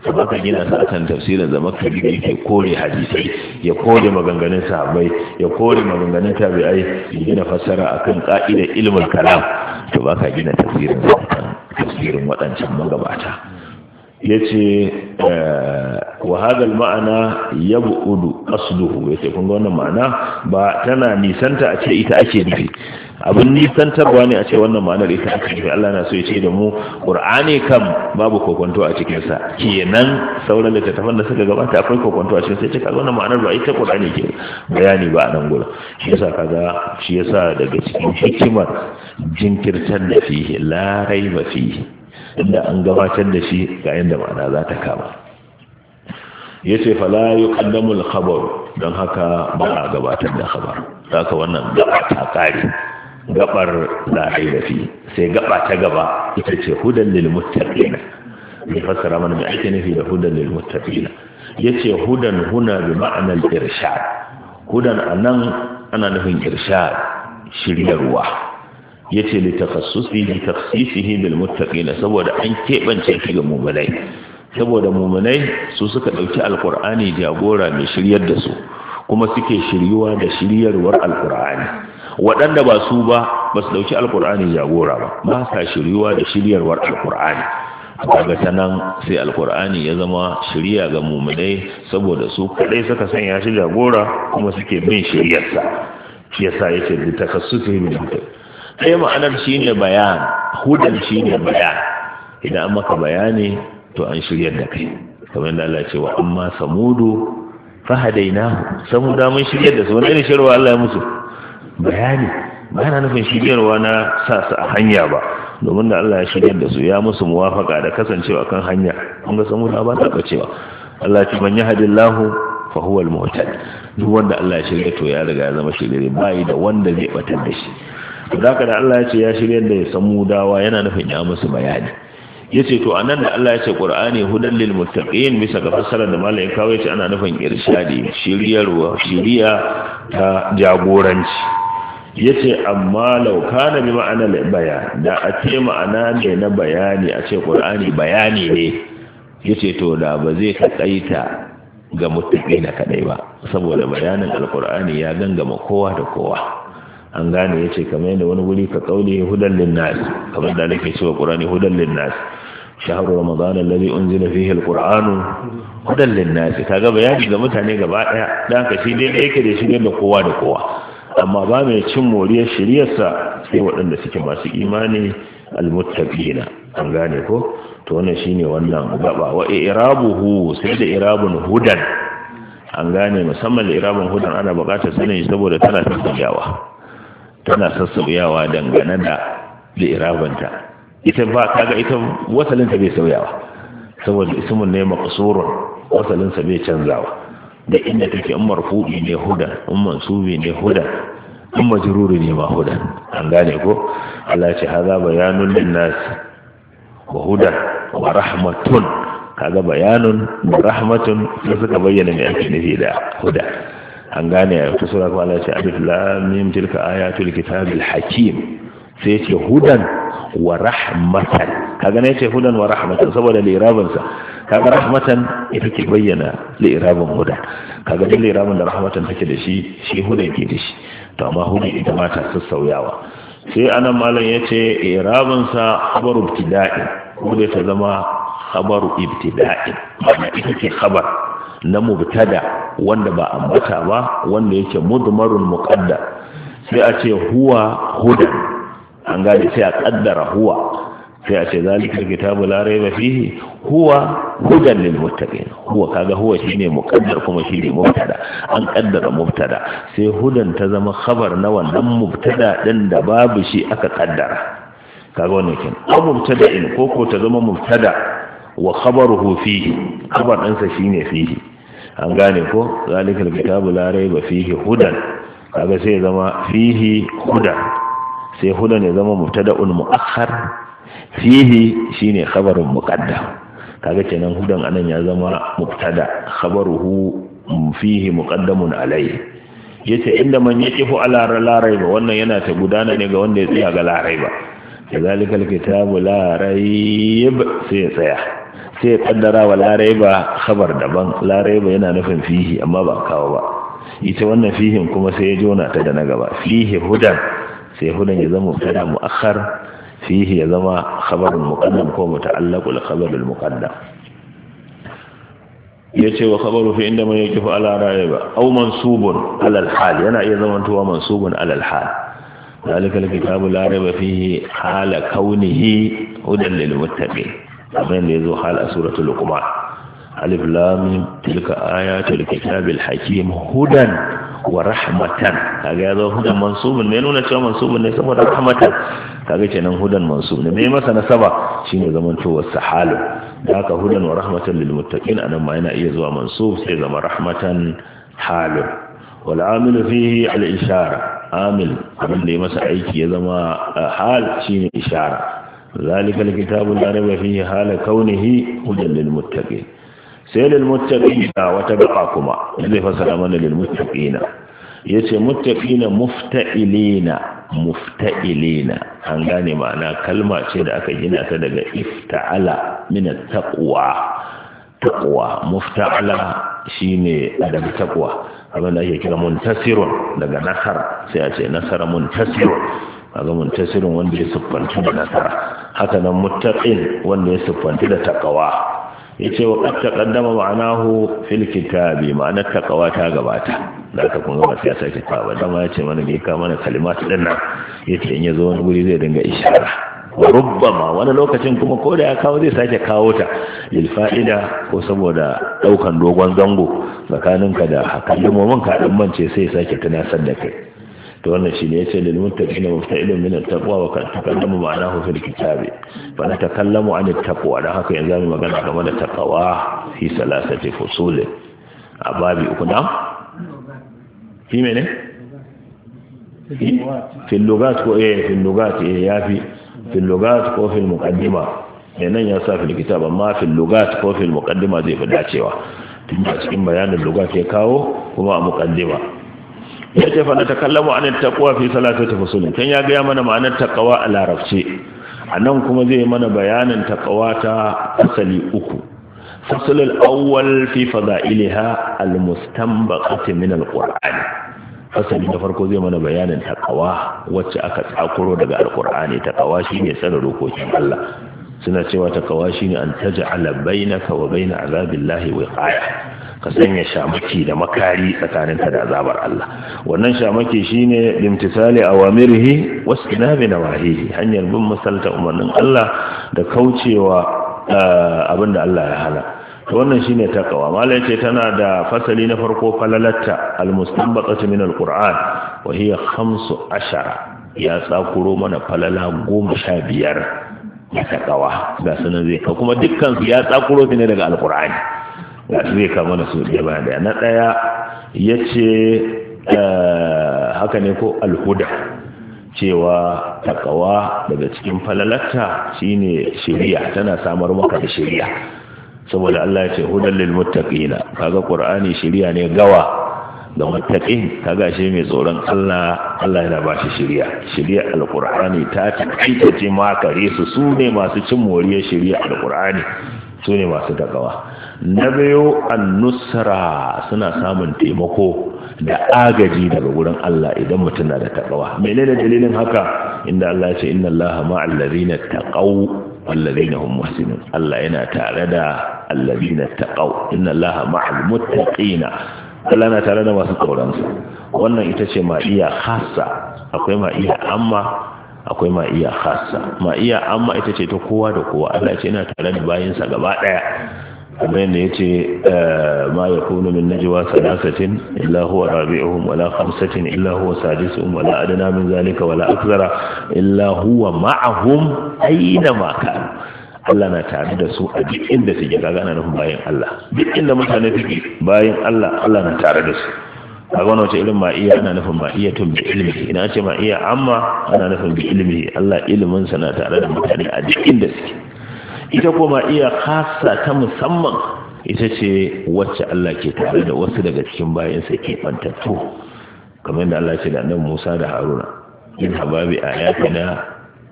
aka gina sa akan tafsirin da makari yake kore hadisai ya kore maganganun sahabbai ya kore maganganun tabi'ai ya gina fassara akan ka'idar ilmul kalam to ba gina tafsirin tafsirin waɗancan magabata yace eh, wa hada ma'ana yab'udu asluhu yace kun ga wannan ma'ana ba tana nisanta a ce ita ake nufi abin nisantarwa ne a ce wannan ma'anar ita aka Allah na so ya ce da mu Qur'ani kam babu kokonto a cikin sa kenan sauran tafan da suka gabata akwai kokonto a cikin sai ce kaga wannan ma'anar ba ita Qur'ani ke bayani ba a nan gura shi yasa kaga shi yasa daga cikin hikimar jinkirtar da fihi la ba fihi inda an gabatar da shi ga yanda ma'ana za ta kama ya ce fala yi kaddamul khabar don haka ba a gabatar da khabar haka wannan gaba ta kare gabar la sai gaba ta gaba ita ce hudan lil muttaqin ya fassara mana mai ake nufi da hudan lil muttaqin yace hudan huna bi ma'ana irshad hudan anan ana nufin irshad shiryarwa yace li takhassusi li takhsisihi bil muttaqin saboda an kebance shi ga mu'minai saboda mu'minai su suka dauki alqur'ani jagora mai shiryar da su kuma suke shiryuwa da shiryarwar alqur'ani waɗanda ba su ba ba su ɗauki alkur'ani jagora ba ba sa shiryuwa da shiryarwar alkur'ani daga ta nan sai alkur'ani ya zama shirya ga muminai saboda su kaɗai suka sanya shi jagora kuma suke bin shiryarsa shi yasa ya ce da takassufi min hudu ɗaya ma'anar shi ne bayan hudan shi ne bayan idan an maka bayani to an shiryar da kai kamar da Allah amma samudu fa da samuda mun shiryar da su wani ne shirwa Allah ya musu bayani ba yana nufin shiryarwa na sa su a hanya ba domin da Allah ya shirya da su ya musu muwafaka da kasancewa kan hanya an ga samu ba ta bacewa Allah ya man yahdillahu fa huwa al duk wanda Allah ya shirya to ya riga ya zama shirye ba yi da wanda zai batar da shi to da Allah ya ce ya shirya da ya samu dawa yana nufin ya musu bayani yace to anan da Allah ya ce Qur'ani hudan lil muttaqin bisa ga fassarar da malai kawai ce ana nufin irshadi shiriyarwa shiriya ta jagoranci yace amma law kana bi ma'ana baya da a ce ma'ana ne na bayani a ce qur'ani bayani ne yace to da ba zai kaita ga na kadai ba saboda bayanin alqur'ani ya gangama kowa da kowa an gane yace kamar yadda wani wuri ka kauli hudan linnas kamar da nake cewa qur'ani hudan linnas shahru ramadan alladhi unzila fihi alqur'anu hudan linnas kaga bayani ga mutane gaba ɗaya dan ka shi dai yake da shi da kowa da kowa amma ba mai cin moriyar shiryarsa sai waɗanda suke masu imani almuttaqina an gane ko to wannan shine wannan gaba wa irabuhu sai da irabun hudan an gane musamman da irabun hudan ana buƙatar sanin shi saboda tana sassabiyawa tana sassabiyawa dangane da da irabanta ita ba kaga ita wasalinta ta bai sauyawa saboda ismun ne maqsurun wasalinsa bai canzawa da inda take in marfu'i ne huda in mansubi ne huda in majruri ne ma huda an gane ko Allah ce haza bayanun linnas wa huda wa rahmatun kaga bayanun wa rahmatun sai suka bayyana me ake nufi da huda an gane a ta sura ko Allah ce alif mim tilka ayatul kitabil hakim sai yace hudan wa rahmatan kaga ne yace hudan wa rahmatan saboda lirabin sa kaga rahmatan ita ke bayyana lirabin huda kaga duk lirabin da rahmatan take da shi shi hudan ke da shi to amma hudu ita ma ta sassauyawa sai anan malam yace irabin sa khabaru ibtida'i hudan ta zama khabaru ibtida'i ma'ana ita ke khabar na mubtada wanda ba ambata ba wanda yake mudmarun muqadda sai a ce huwa hudan an gane sai a kaddara huwa sai a ce zalika kitabu larai ba fihi huwa hudan lil muttaqin huwa kaga huwa shine muqaddar kuma shine mubtada an kaddara mubtada sai hudan ta zama khabar na wannan mubtada din da babu shi aka kaddara kaga wannan kin aw mubtada in ko ko ta zama mubtada wa khabaruhu fihi khabar din sa shine fihi an gane ko zalika kitabu larai ba fihi hudan kaga sai zama fihi hudan sai hudan ya zama mubtada'un mu'akhkhar fihi shine khabarun muqaddam kaga kenan hudan anan ya zama mubtada khabaruhu fihi muqaddamun alayhi yace inda man yaqifu ala laraiba wannan yana ta gudana ne ga wanda ya tsaya ga laraiba kazalika alkitabu la rayb sai tsaya sai kaddara wa laraiba khabar daban laraiba yana nufin fihi amma ba kawo ba ita wannan fihin kuma sai ya jona ta da na gaba fihi hudan sai hudan ya zama da muakhar fihi ya zama khabarul muqaddam ko muta'allaqul khabarul muqaddam yace wa khabaru fi inda man yakifu ala raiba aw mansubun ala al-hal yana iya zama tuwa mansubun ala al-hal ذلك الكتاب لا ريب فيه حال كونه هدى للمتقين abin da ya zo hal a suratul luqman alif lam tilka ayatul kitabil hakim hudan wa rahmatan kaga ya zo hudan mansubun me nuna cewa mansubun ne saboda rahmatan kaga kenan hudan mansub ne me masa nasaba shine zaman to wasahalu da haka hudan wa rahmatan lil muttaqin anan ma yana iya zuwa mansub sai zama rahmatan halu wal amilu fihi al ishara amil abin da ya masa aiki ya zama eh, hal shine ishara ذلك الكتاب لا ريب فيه kaunihi كونه هدى للمتقين sai lilmuttaqina wata ba'a kuma zai fasara mana lilmuttaqina yace muttaqina mufta'ilina mufta'ilina an gane ma'ana kalma ce da aka gina ta daga ifta'ala min at-taqwa taqwa mufta'ala shine daga taqwa abin da ake kira muntasirun daga nasar sai a ce nasara muntasirun kaga muntasirun wanda ya siffanci da nasara haka nan muttaqin wanda ya siffanci da taqwa ya ce wa qad taqaddama ma'anahu ta bi ma'anar taqwa ta gabata da ka kuma gaba siyasa sake kawo ba ya ce mana ne mana kalimat din nan ce in zo wani guri zai dinga ishara wa rubbama wani lokacin kuma ko da ya kawo zai sake kawo ta lil fa'ida ko saboda ɗaukan dogon zango tsakaninka da kalmomin ka dan mance sai sake tunasar da kai to wannan shi ne ya ce lil muttaqina mufta'ilun min at-taqwa wa qad takallamu ma'anahu fil kitabi fa na takallamu an at-taqwa dan haka yanzu mu magana game da taqwa fi salasati fusul a babi uku da fi mene fi lugat ko eh fi lugat eh ya fi lugat ko fi muqaddima eh, nan ya sa fi kitab amma fi lugat ko fi muqaddima zai fi dacewa tun da cikin bayanin lugat ya kawo kuma a muqaddima ya ce fa na takallamu anin taqwa fi salatati fasulin kan ya ga mana ma'anar taqwa a larabce anan kuma zai mana bayanin taqwa ta asali uku fasulul awwal fi fadailiha almustanbaqati min alquran fasali da farko zai mana bayanin taqwa wacce aka tsakuro daga Ta taqwa shine sanin dokokin Allah suna cewa taqwa shine an taj'ala bainaka wa bain azabillahi wiqaya ka sanya shamaki da makari tsakaninta da azabar Allah wannan shamaki shine limtisali awamirhi na nawahihi hanyar bin misalta umarnin Allah da kaucewa eh, abinda Allah ya hana to wannan shine takawa malai ce tana da fasali na farko falalatta almustanbaqatu min alquran wa hiya ashara, ya tsakuro mana falala 15 da takawa ga sunan zai kuma dukkan su ya tsakuro ne daga alqur'ani zai kama na su ɗaya bayan da na ɗaya ya ce eh, haka ne ko alhuda cewa takawa daga cikin falalata shine shiriya tana samar maka da shiriya saboda Allah ya ce hudan lil muttaqina kaga qur'ani shiriya ne gawa da muttaqin kaga shi mai tsoron Allah Allah yana ba shi shiriya shiriya alqur'ani ta taƙaita ce ma kare su su ne masu cin moriyar shiriya alqur'ani su ne masu takawa na biyu annusra suna samun taimako da agaji daga wurin Allah idan mutum na da takawa menene dalilin haka inda Allah ya ce inna Allah ma'al ladina taqaw alladhina hum muhsinun Allah yana tare da na taƙau. inna Allah ma'al muttaqina Allah na tare da masu tsoronsa. wannan ita ce "Ma iya khassa akwai ma iya amma akwai ma iya ma'iya Ma iya amma ita ce ta kowa da kowa Allah ya ce yana tare da bayinsa gaba ɗaya." kamar yadda ya ce eh, ma ya kunu min najwa salasatin illa huwa rabi'uhum wala khamsatin illa huwa sadisuhum wala adana min zalika wala akthara illa huwa ma'ahum aina ma kanu Allah na tare da su a duk inda suke kaga ana nufin bayan Allah duk inda mutane suke bayan Allah Allah na tare da su a wani wace irin ma'iya ana nufin ma'iya tun bi ilimi ina ce ma'iya amma ana nufin bi ilimi Allah ilimin sa na tare da mutane a duk inda suke ita kuma iya kasa ta musamman ita ce wacce Allah ke tare da wasu daga cikin bayansa ke fantattu kamar da Allah ce da nan Musa da Haruna in hababi ayatina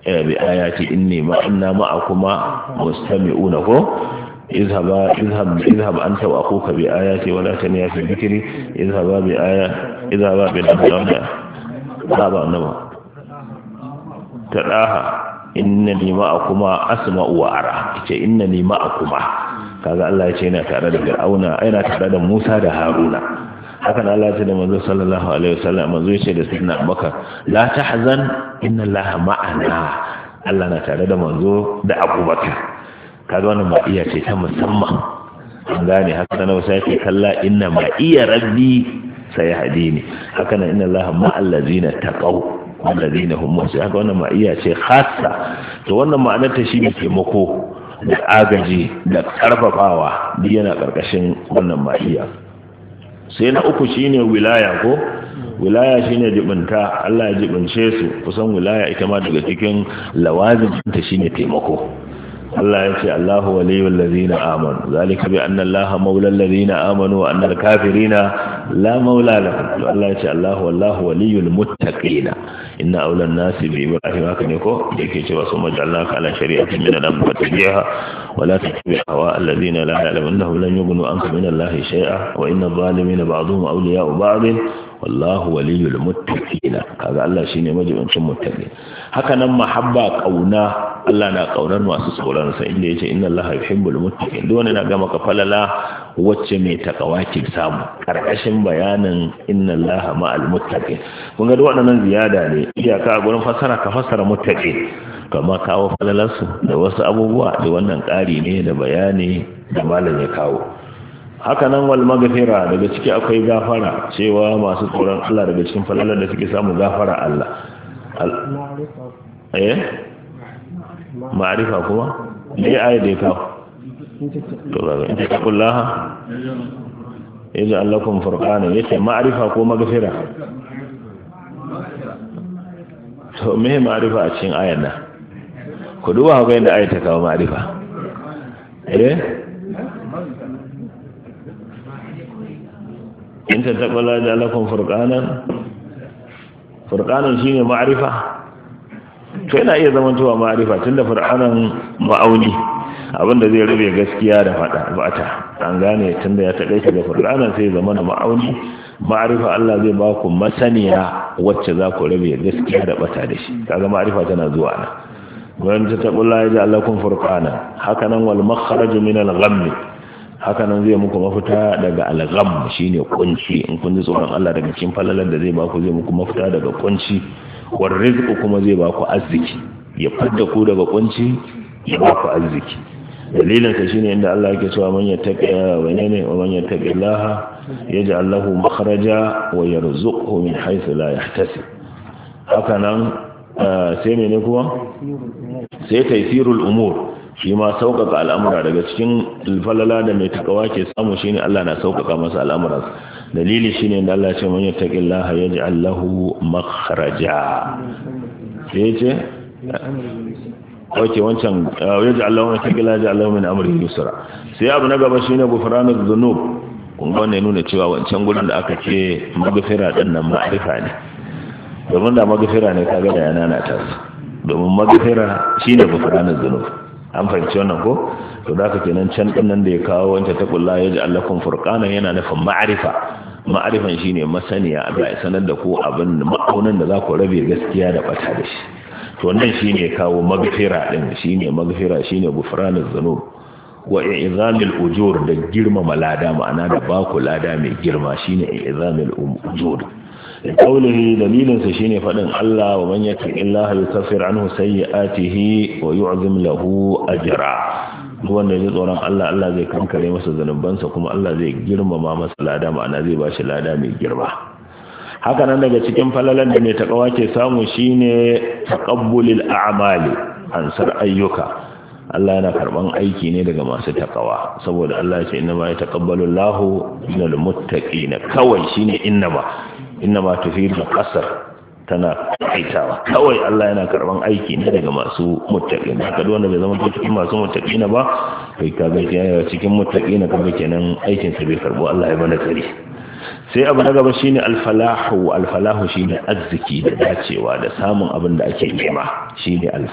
ya eh, bi ayati inni ma inna ma'akuma mustami'una ko اذهبا اذهب اذهب wala واخوك باياتي ولا تنيا في ذكري اذهبا بايه ta ba هذا انما تراها inna ni kuma asma'u wa ara ce inna ni kuma kaga Allah ya ce yana tare da Fir'auna yana tare da Musa da Haruna haka nan Allah ya ce da manzo sallallahu alaihi wasallam manzo ya ce da sayyidina Abubakar la tahzan inna Allah ma'ana Allah na tare da manzo da Abubakar kaga wannan ma'iya ce ta musamman an gane haka nan Musa ya ce kalla inna ma'iya rabbi sayhadini haka nan inna Allah ma'allazina taqaw wallazina hum muhsin haka wannan ma'iya ce khassa to wannan ma'anar ta ne taimako da agaji da karfafawa duk yana karkashin wannan ma'iya sai na uku shine wilaya ko wilaya shine jibinta Allah ya jibince su kusan wilaya ita ma daga cikin lawazin ta shine taimako Allah ya ce Allahu waliyul ladina amanu zalika bi anna Allaha maulal ladina amanu wa annal kafirina la maula lahum Allah ya ce Allahu wallahu waliyul muttaqina inna awlan nasi bi ibrahim haka ne ko yake cewa sun majalla ka ala shari'ati min al-amr wa tabiha wa la tattabi hawa alladhina la ya'lamunahum lan yughnu anka min Allah shay'a wa inna adh-dhalimina ba'dhum awliya'u ba'd wallahu waliyul muttaqina kaga Allah shine majibincin muttaqi haka nan mahabba kauna Allah na kaunar masu tsoron sa inda yace inna Allah yuhibbul muttaqin dole na gama ka falala wacce mai takawa ke samu karkashin bayanin inna Allah ma'al muttaqin kun ga waɗannan ziyada ne iyaka gurin fasara ka fasara muttaqin kama kawo falalarsu da wasu abubuwa da wannan ƙari ne da bayani da malam ya kawo haka nan wal magfira daga ciki akwai gafara cewa masu tsoron Allah daga cikin falalar da suke samu gafara Allah eh ma'rifa kuma ne ayi da ka to ba in ka kullaha yaja allakum furqana yace ma'rifa ko magfira to me ma'rifa a cikin ayan nan ku duba ga inda ayi ta kawo ma'rifa eh in ta taɓa lada alakon furƙanan furƙanan shi ne ma'arifa to yana iya zamantowa ma'arifa tun da furƙanan ma'auni abinda zai rabe gaskiya da faɗa bata an gane tun da ya taɓa shi da furƙanan sai zama na ma'auni ma'arifa Allah zai ba ku masaniya wacce za ku rabe gaskiya da ɓata da shi kaga ma'arifa tana zuwa nan wani ta taɓa lada alakon furƙanan haka nan wal makharaju min al-ghammi hakanan zai muku mafita daga algham shine kunci in kun ji tsoron Allah daga cikin falalar da zai baku zai muku mafita daga kunci war rizqu kuma zai baku arziki ya fadda ku daga kunci ya ku arziki dalilin sa shine inda Allah yake cewa man yattaqiya wa yanne wa man yattaqi Allah yaj'al lahu makhraja wa yarzuqhu min haythu la yahtasib haka eh, sai ne kuma sai taysirul umur shi ma sauƙaƙa al'amura daga cikin falala da mai takawa ke samu shi ne Allah na sauƙaƙa masa al’amura dalili shi ne da Allah ce manyan taƙin laha ya ji Allahu makhraja sai ce wancan uh, ya ji Allahu, wani tagila ya Allahu, mai amri yusura sai abu na gaba shine gufranu dhunub kun ga nuna cewa wancan gudun da aka ce magfira ɗin nan ma'rifa ne domin da ne kaga da yana na domin shi ne an fahimci wannan ko to da ka kenan can din nan da ya kawo wancan ta kulla ya ji allakum furqanan yana nufin ma'arifa ma'arifan shine masaniya da ya sanar da ku abin da, ma'aunin da za ku rabe gaskiya da bata da shi to nan shine kawo magfira din shine magfira shine gufranuz zunub wa i'zamil ujur da girmama lada ma'ana da baku lada mai girma shine i'zamil ujur da kaulihi dalilinsa shine faɗin Allah wa man yakin illaha yukafir anhu sayyi'atihi wa yu'zim lahu ajra wanda ya tsoron Allah Allah zai kankare masa zanubansa kuma Allah zai girmama masa lada ma'ana zai ba shi lada mai girma haka nan daga cikin falalan da mai takawa ke samu shine taqabbulil a'mali ansar ayyuka Allah yana karban aiki ne daga masu takawa saboda Allah ya ce inna ma yataqabbalu Allahu minal muttaqin kawai shine inna ma inna ma tufidu qasar tana aitawa kawai Allah yana karban aiki ne daga masu muttaqi na kada wanda bai zama cikin masu muttaqi ba kai ka ga cikin muttaqi na kuma kenan aikin sa bai karbo Allah ya bana kare sai abu na gaba shine al alfalahu shine arziki da dacewa da samun abin da ake nema shine al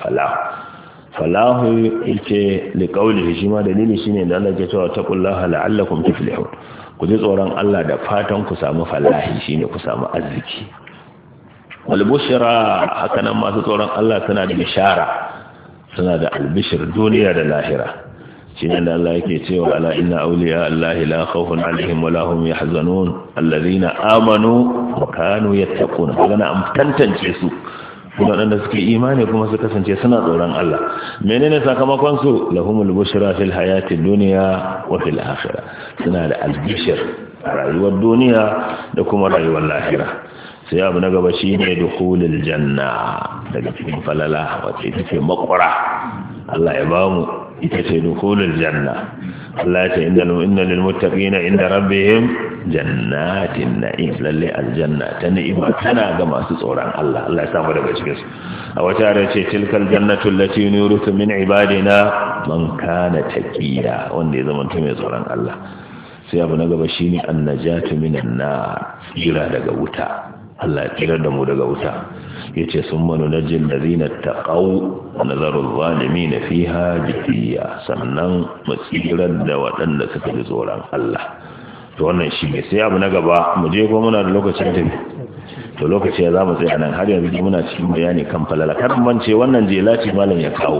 falahu yake li qawlihi shi dalili shine da Allah ya ce wa taqullaha la'allakum tuflihun ku ji tsoron Allah da fatan ku samu falahi shine ku samu arziki wal bushra haka nan masu tsoron Allah suna da bishara suna da albishir duniya da lahira shine da Allah yake cewa ala inna awliya Allah la khawfun alaihim wa lahum yahzanun alladhina amanu wa kanu yattaqun kana an tantance su waɗanda suke imani kuma su kasance suna tsoron Allah menene sakamakon su lahumul bushra fil hayatid dunya wa fil akhirah suna da albishir a rayuwar duniya da kuma rayuwar lahira sai abu na gaba shine dukhulul janna daga cikin falala wace take makwara Allah ya bamu ita ce dukulul janna Allah ce inda inna lil muttaqina inda rabbihim jannatin na'im lalle aljanna ta ni'ima tana ga masu tsoron Allah Allah ya samu daga cikin su a wata ra ce tilkal jannatu allati nurithu min ibadina man kana taqiya wanda ya zama mai tsoron Allah sai abu na gaba shine annajatu minan na jira daga wuta Allah ya tsira da mu daga wuta yace zina ta ladina taqaw wa zalimi na fiha jafiya sannan matsirar da waɗanda suka fi tsoron Allah to wannan shi ne sai abu na gaba mu je ko muna da lokacin tafi to lokaci ya zamu tsaya nan har yanzu muna cikin bayani kan falala kar mun ce wannan jelaci malam ya kawo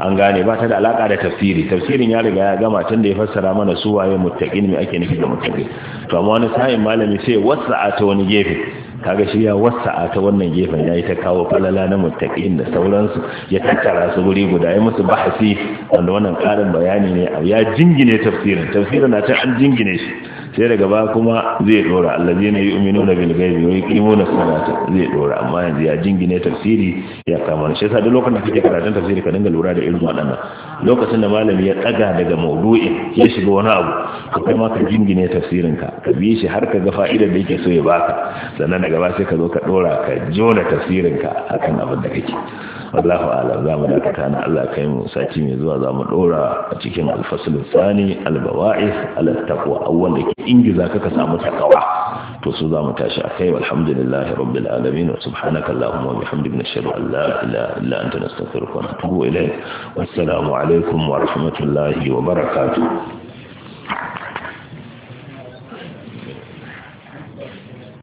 an gane ba ta da alaka da tafsiri tafsirin ya riga ya gama tun da ya fassara mana su waye muttaqin me ake nufi da muttaqin to amma wani sa'in malami sai a ta wani gefe kaga shi ya a ta wannan gefen ya yi ta kawo falala na matakin da sauransu ya tattara su guri guda ya musu bahasi wanda wannan karin bayani ne ya jingine tafsirin tafsirin na can an jingine shi sai daga ba kuma zai dora allazina yu'minuna bil ghaibi wa yuqimuna salata zai dora amma yanzu ya jingine tafsiri ya kama shi yasa duk lokacin da kake karatun tafsiri ka dinga lura da irin waɗannan lokacin da malami ya tsaga daga maudu'i ya shiga wani abu ka kai ma ka jingine tafsirin ka ka bi shi har ka ga fa'idar da yake so ya baka sannan daga ba sai ka zo ka dora ka jona tafsirin ka akan abin da kake Allahu alam za mu dakata na Allah kai mu sati mai zuwa za mu dora a cikin alfasul tsani albawa'is ala taqwa da ke ingiza ka ka samu takawa to su za mu tashi akai walhamdulillahi rabbil alamin wa subhanaka allahumma wa bihamdika nashhadu an la ilaha illa anta nastaghfiruka wa natubu ilayk wassalamu alaikum wa rahmatullahi wa barakatuh